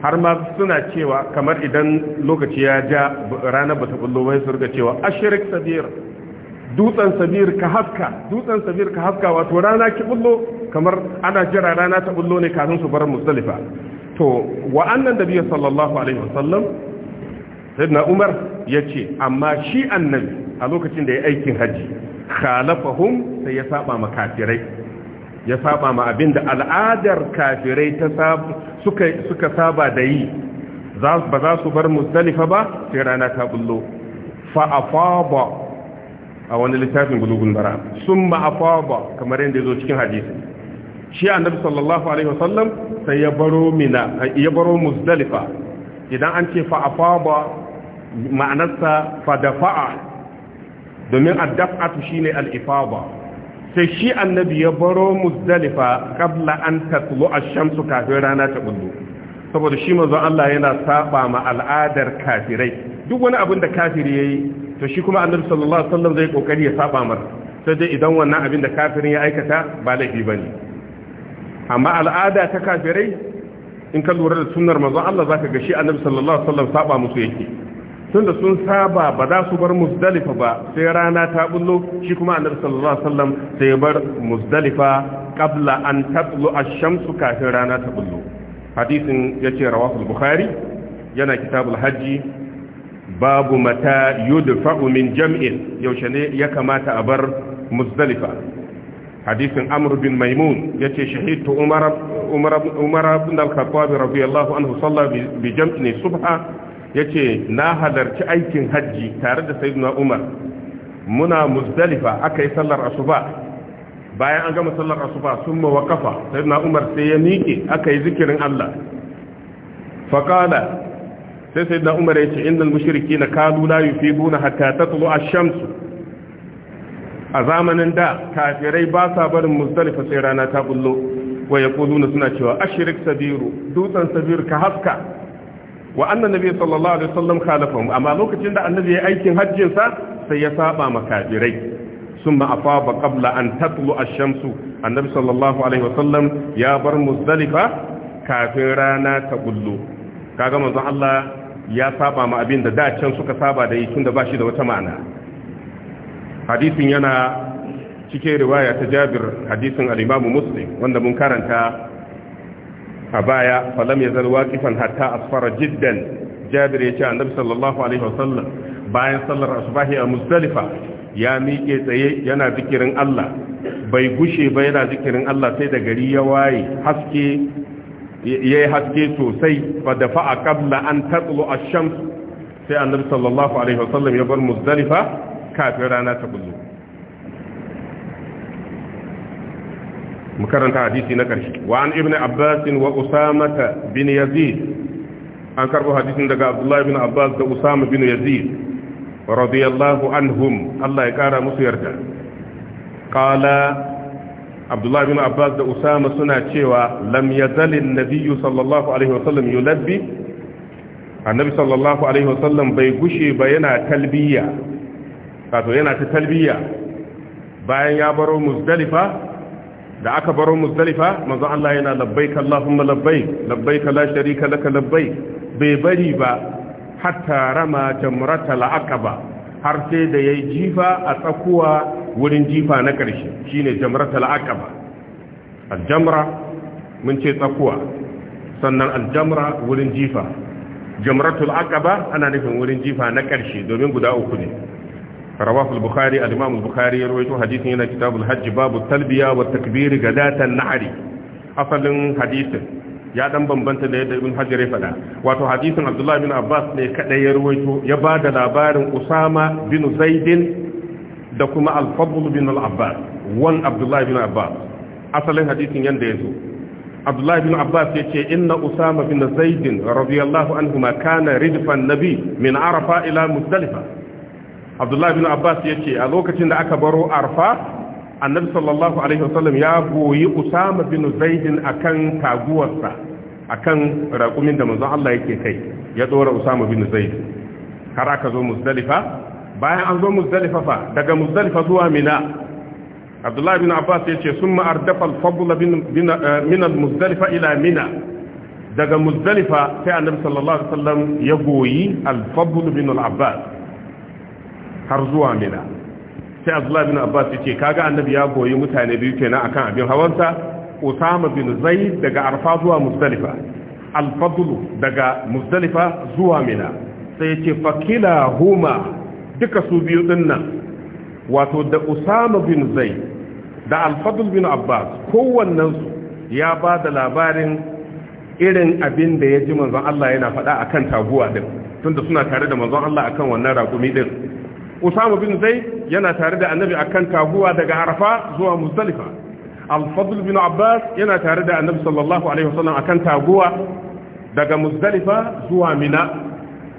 har ma suna cewa kamar idan lokaci ya ja rana ba ta bullo bai su riga cewa ashirik sabir dutsen sabir ka haska dutsen sabir ka haska wato rana ki bullo kamar ana jira rana ta bullo ne kafin su bar musdalifa to wa'annan da biyu sallallahu alaihi wasallam sayyidina umar yace amma shi annabi a lokacin da ya aikin haji khalafahum sai ya saba ma kafirai ya saba ma abinda al'adar kafirai ta suka suka saba da yi ba za su bar muzdalifa ba sai rana ta bullo fa afaba a wani littafin gulugun bara summa afaba kamar yadda yazo cikin hadisi shi annabi sallallahu alaihi wasallam sai ya baro mina ya baro idan an ce fa afaba ma'anarsa fa dafa'a domin addab'atu shine al-ifada sai shi annabi ya baro muzdalifa qabla an tatlu ash-shamsu kafin rana ta bullo saboda shi manzo Allah yana saba ma al'adar kafirai duk wani abin da kafiri yayi to shi kuma annabi sallallahu alaihi wasallam zai kokari ya saba mar sai dai idan wannan abin da kafirin ya aikata ba laifi bane amma al'ada ta kafirai in ka lura da sunnar manzo Allah zaka ga shi annabi sallallahu alaihi wasallam saba musu yake tunda sun saba ba za su bar musdalifa ba sai rana ta bullo shi kuma annabi sallallahu alaihi wasallam sai bar musdalifa qabla an tatlu ash-shamsu kafin rana ta bullo hadisin yace rawahu al-bukhari yana kitabul hajji babu mata yudfa'u min jam'in yaushe ne ya kamata a bar musdalifa hadisin amr bin maimun yace shahidtu umar umar ibn al-khattab radiyallahu anhu salla bi jam'in subha yace na halarci aikin hajji tare da sayyidina Umar muna muzdalifa yi sallar asuba bayan an gama sallar asuba summa waqafa sayyidina Umar sai ya miƙe akai zikirin Allah faqala sai sayyidina Umar yace innal mushrikeena kanu la yufiduna hatta tatlu a shamsu a zamanin da kafirai ba sa barin muzdalifa sai rana ta bullo wa yaquluna suna cewa ashirik sabiru dutsen sabiru ka haska wa annan nabi sallallahu alaihi wasallam khalafahum amma lokacin da annabi ya aikin hajjin sa sai ya saba makafirai ثم أفاض قبل أن تطلع الشمس النبي صلى الله عليه وسلم يا بر مزدلفة كافرانا تقلو kaga manzon Allah ya saba ma abin da dacen suka saba da yi tun da bashi da wata ma'ana hadisin yana cikin riwaya ta Jabir hadisin al-Imam Muslim wanda mun karanta a baya falam ya yazal kifan hatta asfara jiddan jabir yace annabi sallallahu alaihi wasallam bayan sallar asbahi a muzdalifa ya miƙe tsaye yana zikirin Allah bai gushe ba yana zikirin Allah sai da gari ya waye haske haske sosai da dafa ƙabla an tatlu a shams sai annabi sallallahu alaihi wasallam ya bar muzdalifa kafin rana ta bullo makaranta hadisi na ƙarshe wa an ibn Abbasin wa usama bin yazid an karbo hadisin daga abdullahi bin abbas da usama bin yazid radiyallahu anhum Allah ya ƙara musu yarda qala abdullahi bin abbas da usama suna cewa lam yazalin nabiyyu sallallahu alaihi wasallam yulabbi annabi sallallahu alaihi wasallam bai gushe ba yana talbiya Kato yana ta talbiya bayan ya baro muzdalifa da aka baro muzdalifa manzo Allah yana labbaik Allahumma labbaik labbaik la sharika laka labbaik bai bari ba hatta rama jamrata al-aqaba har sai da yayi jifa a tsakuwa wurin jifa na karshe shine jamrata al-aqaba al-jamra mun ce tsakuwa sannan al-jamra wurin jifa jamratul aqaba ana nufin wurin jifa na karshe domin guda uku ne rawahu al-bukhari al bukhari ya rawaito hadisin yana kitabul hajj babu talbiya wa takbir gadatan nahari asalin hadisin ya dan bambanta da yadda ibn hajar faɗa wato hadisin abdullah bin abbas ne kadai ya ya ba da labarin usama bin zaidin da kuma al-fadl bin al-abbas wan abdullah bin abbas asalin hadisin yanda ya zo abdullah bin abbas ya ce inna usama bin zaidin radiyallahu anhu ma kana ridfan nabi min arafa ila muzdalifa abdullahi bin abbas ya ce a lokacin da aka baro arfa annabi sallallahu alaihi wasallam ya goyi usama bin zaidin akan taguwarsa akan raƙumin da manzon Allah yake kai ya dora usama bin zaid har aka zo muzdalifa bayan an zo muzdalifa fa daga muzdalifa zuwa mina abdullahi bin abbas ya ce sun ma'ardafa alfabula eh, min al-muzdalifa ila mina daga muzdalifa sai annabi sallallahu alaihi wasallam ya goyi alfabula bin al-abbas har zuwa mina sai abdullahi bin abbas ya yace kaga annabi ya goyi mutane biyu kenan akan abin hawansa usama bin zaid daga arfa zuwa muzdalifa al fadlu daga muzdalifa zuwa mina sai yace fakila huma duka su biyu dinnan wato da usama bin zaid da al-fadl bin abbas su ya ba da labarin irin abin da ya ji manzon Allah yana faɗa akan taguwa din tunda suna tare da manzon Allah akan wannan raƙumi din usama bin zaid yana tare da annabi akan taguwa daga arafa zuwa muzdalifa al-fadl bin abbas yana tare da annabi sallallahu alaihi wasallam akan taguwa daga muzdalifa zuwa mina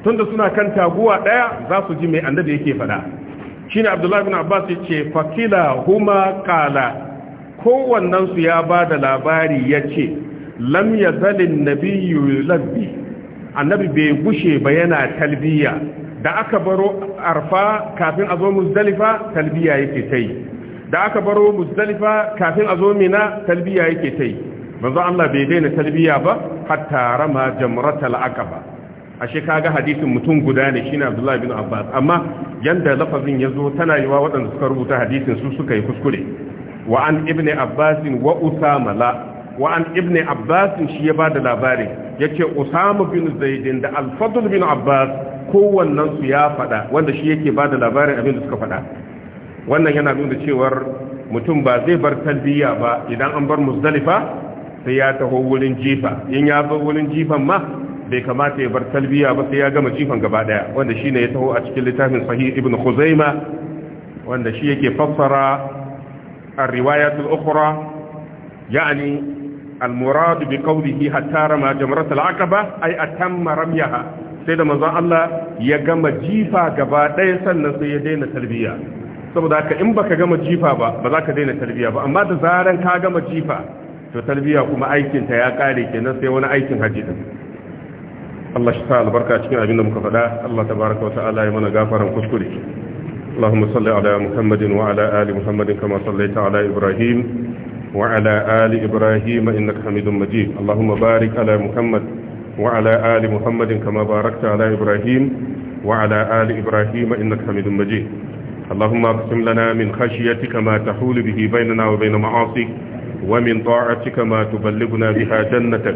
tunda suna kan taguwa daya za su ji mai annabi yake fada shine abdullahi bin abbas yace fakila huma qala kowannen su ya bada labari yace lam yazalin nabiyyu labbi annabi bai gushe ba yana talbiya da aka baro arfa kafin a zo muzdalifa talbiya yake ta yi da aka baro muzdalifa kafin a zo mina talbiya yake ta yi manzo Allah bai daina talbiya ba hatta rama jamratal aqaba ashe kaga hadisin mutum guda ne shine Abdullah bin Abbas amma yanda lafazin yazo tana yiwa waɗanda suka rubuta hadisin su suka yi kuskure wa an ibn Abbas wa Usama la wa an ibn Abbas shi ya bada labarin yace Usama bin Zaid da Al-Fadl bin Abbas kowannen su ya faɗa wanda shi yake ba da labarin abin da suka faɗa wannan yana nuna cewar mutum ba zai bar talbiya ba idan an bar musdalifa sai ya taho wurin jifa in ya bar wurin jifan ma bai kamata ya bar talbiya ba sai ya gama jifan gaba daya wanda shine ya taho a cikin littafin sahih ibn khuzaima wanda shi yake fassara ar-riwayat al-ukhra yani al-murad bi qawlihi hatta rama jamrat al-aqaba ay atamma ramyaha sai da manzon Allah ya gama jifa gaba ɗaya sannan sai ya daina tarbiya saboda haka in baka gama jifa ba ba za ka daina tarbiya ba amma da zaran ka gama jifa to tarbiya kuma aikinta ya kare kenan sai wani aikin haji din Allah shi ta albarka cikin abin da muka faɗa Allah tabaraka wa ta'ala ya mana gafaran kuskure اللهم صل على محمد وعلى آل محمد كما صليت على إبراهيم وعلى آل إبراهيم إنك حميد مجيد اللهم بارك على محمد وعلى آل محمد كما باركت على إبراهيم وعلى آل إبراهيم إنك حميد مجيد اللهم اقسم لنا من خشيتك ما تحول به بيننا وبين معاصيك ومن طاعتك ما تبلغنا بها جنتك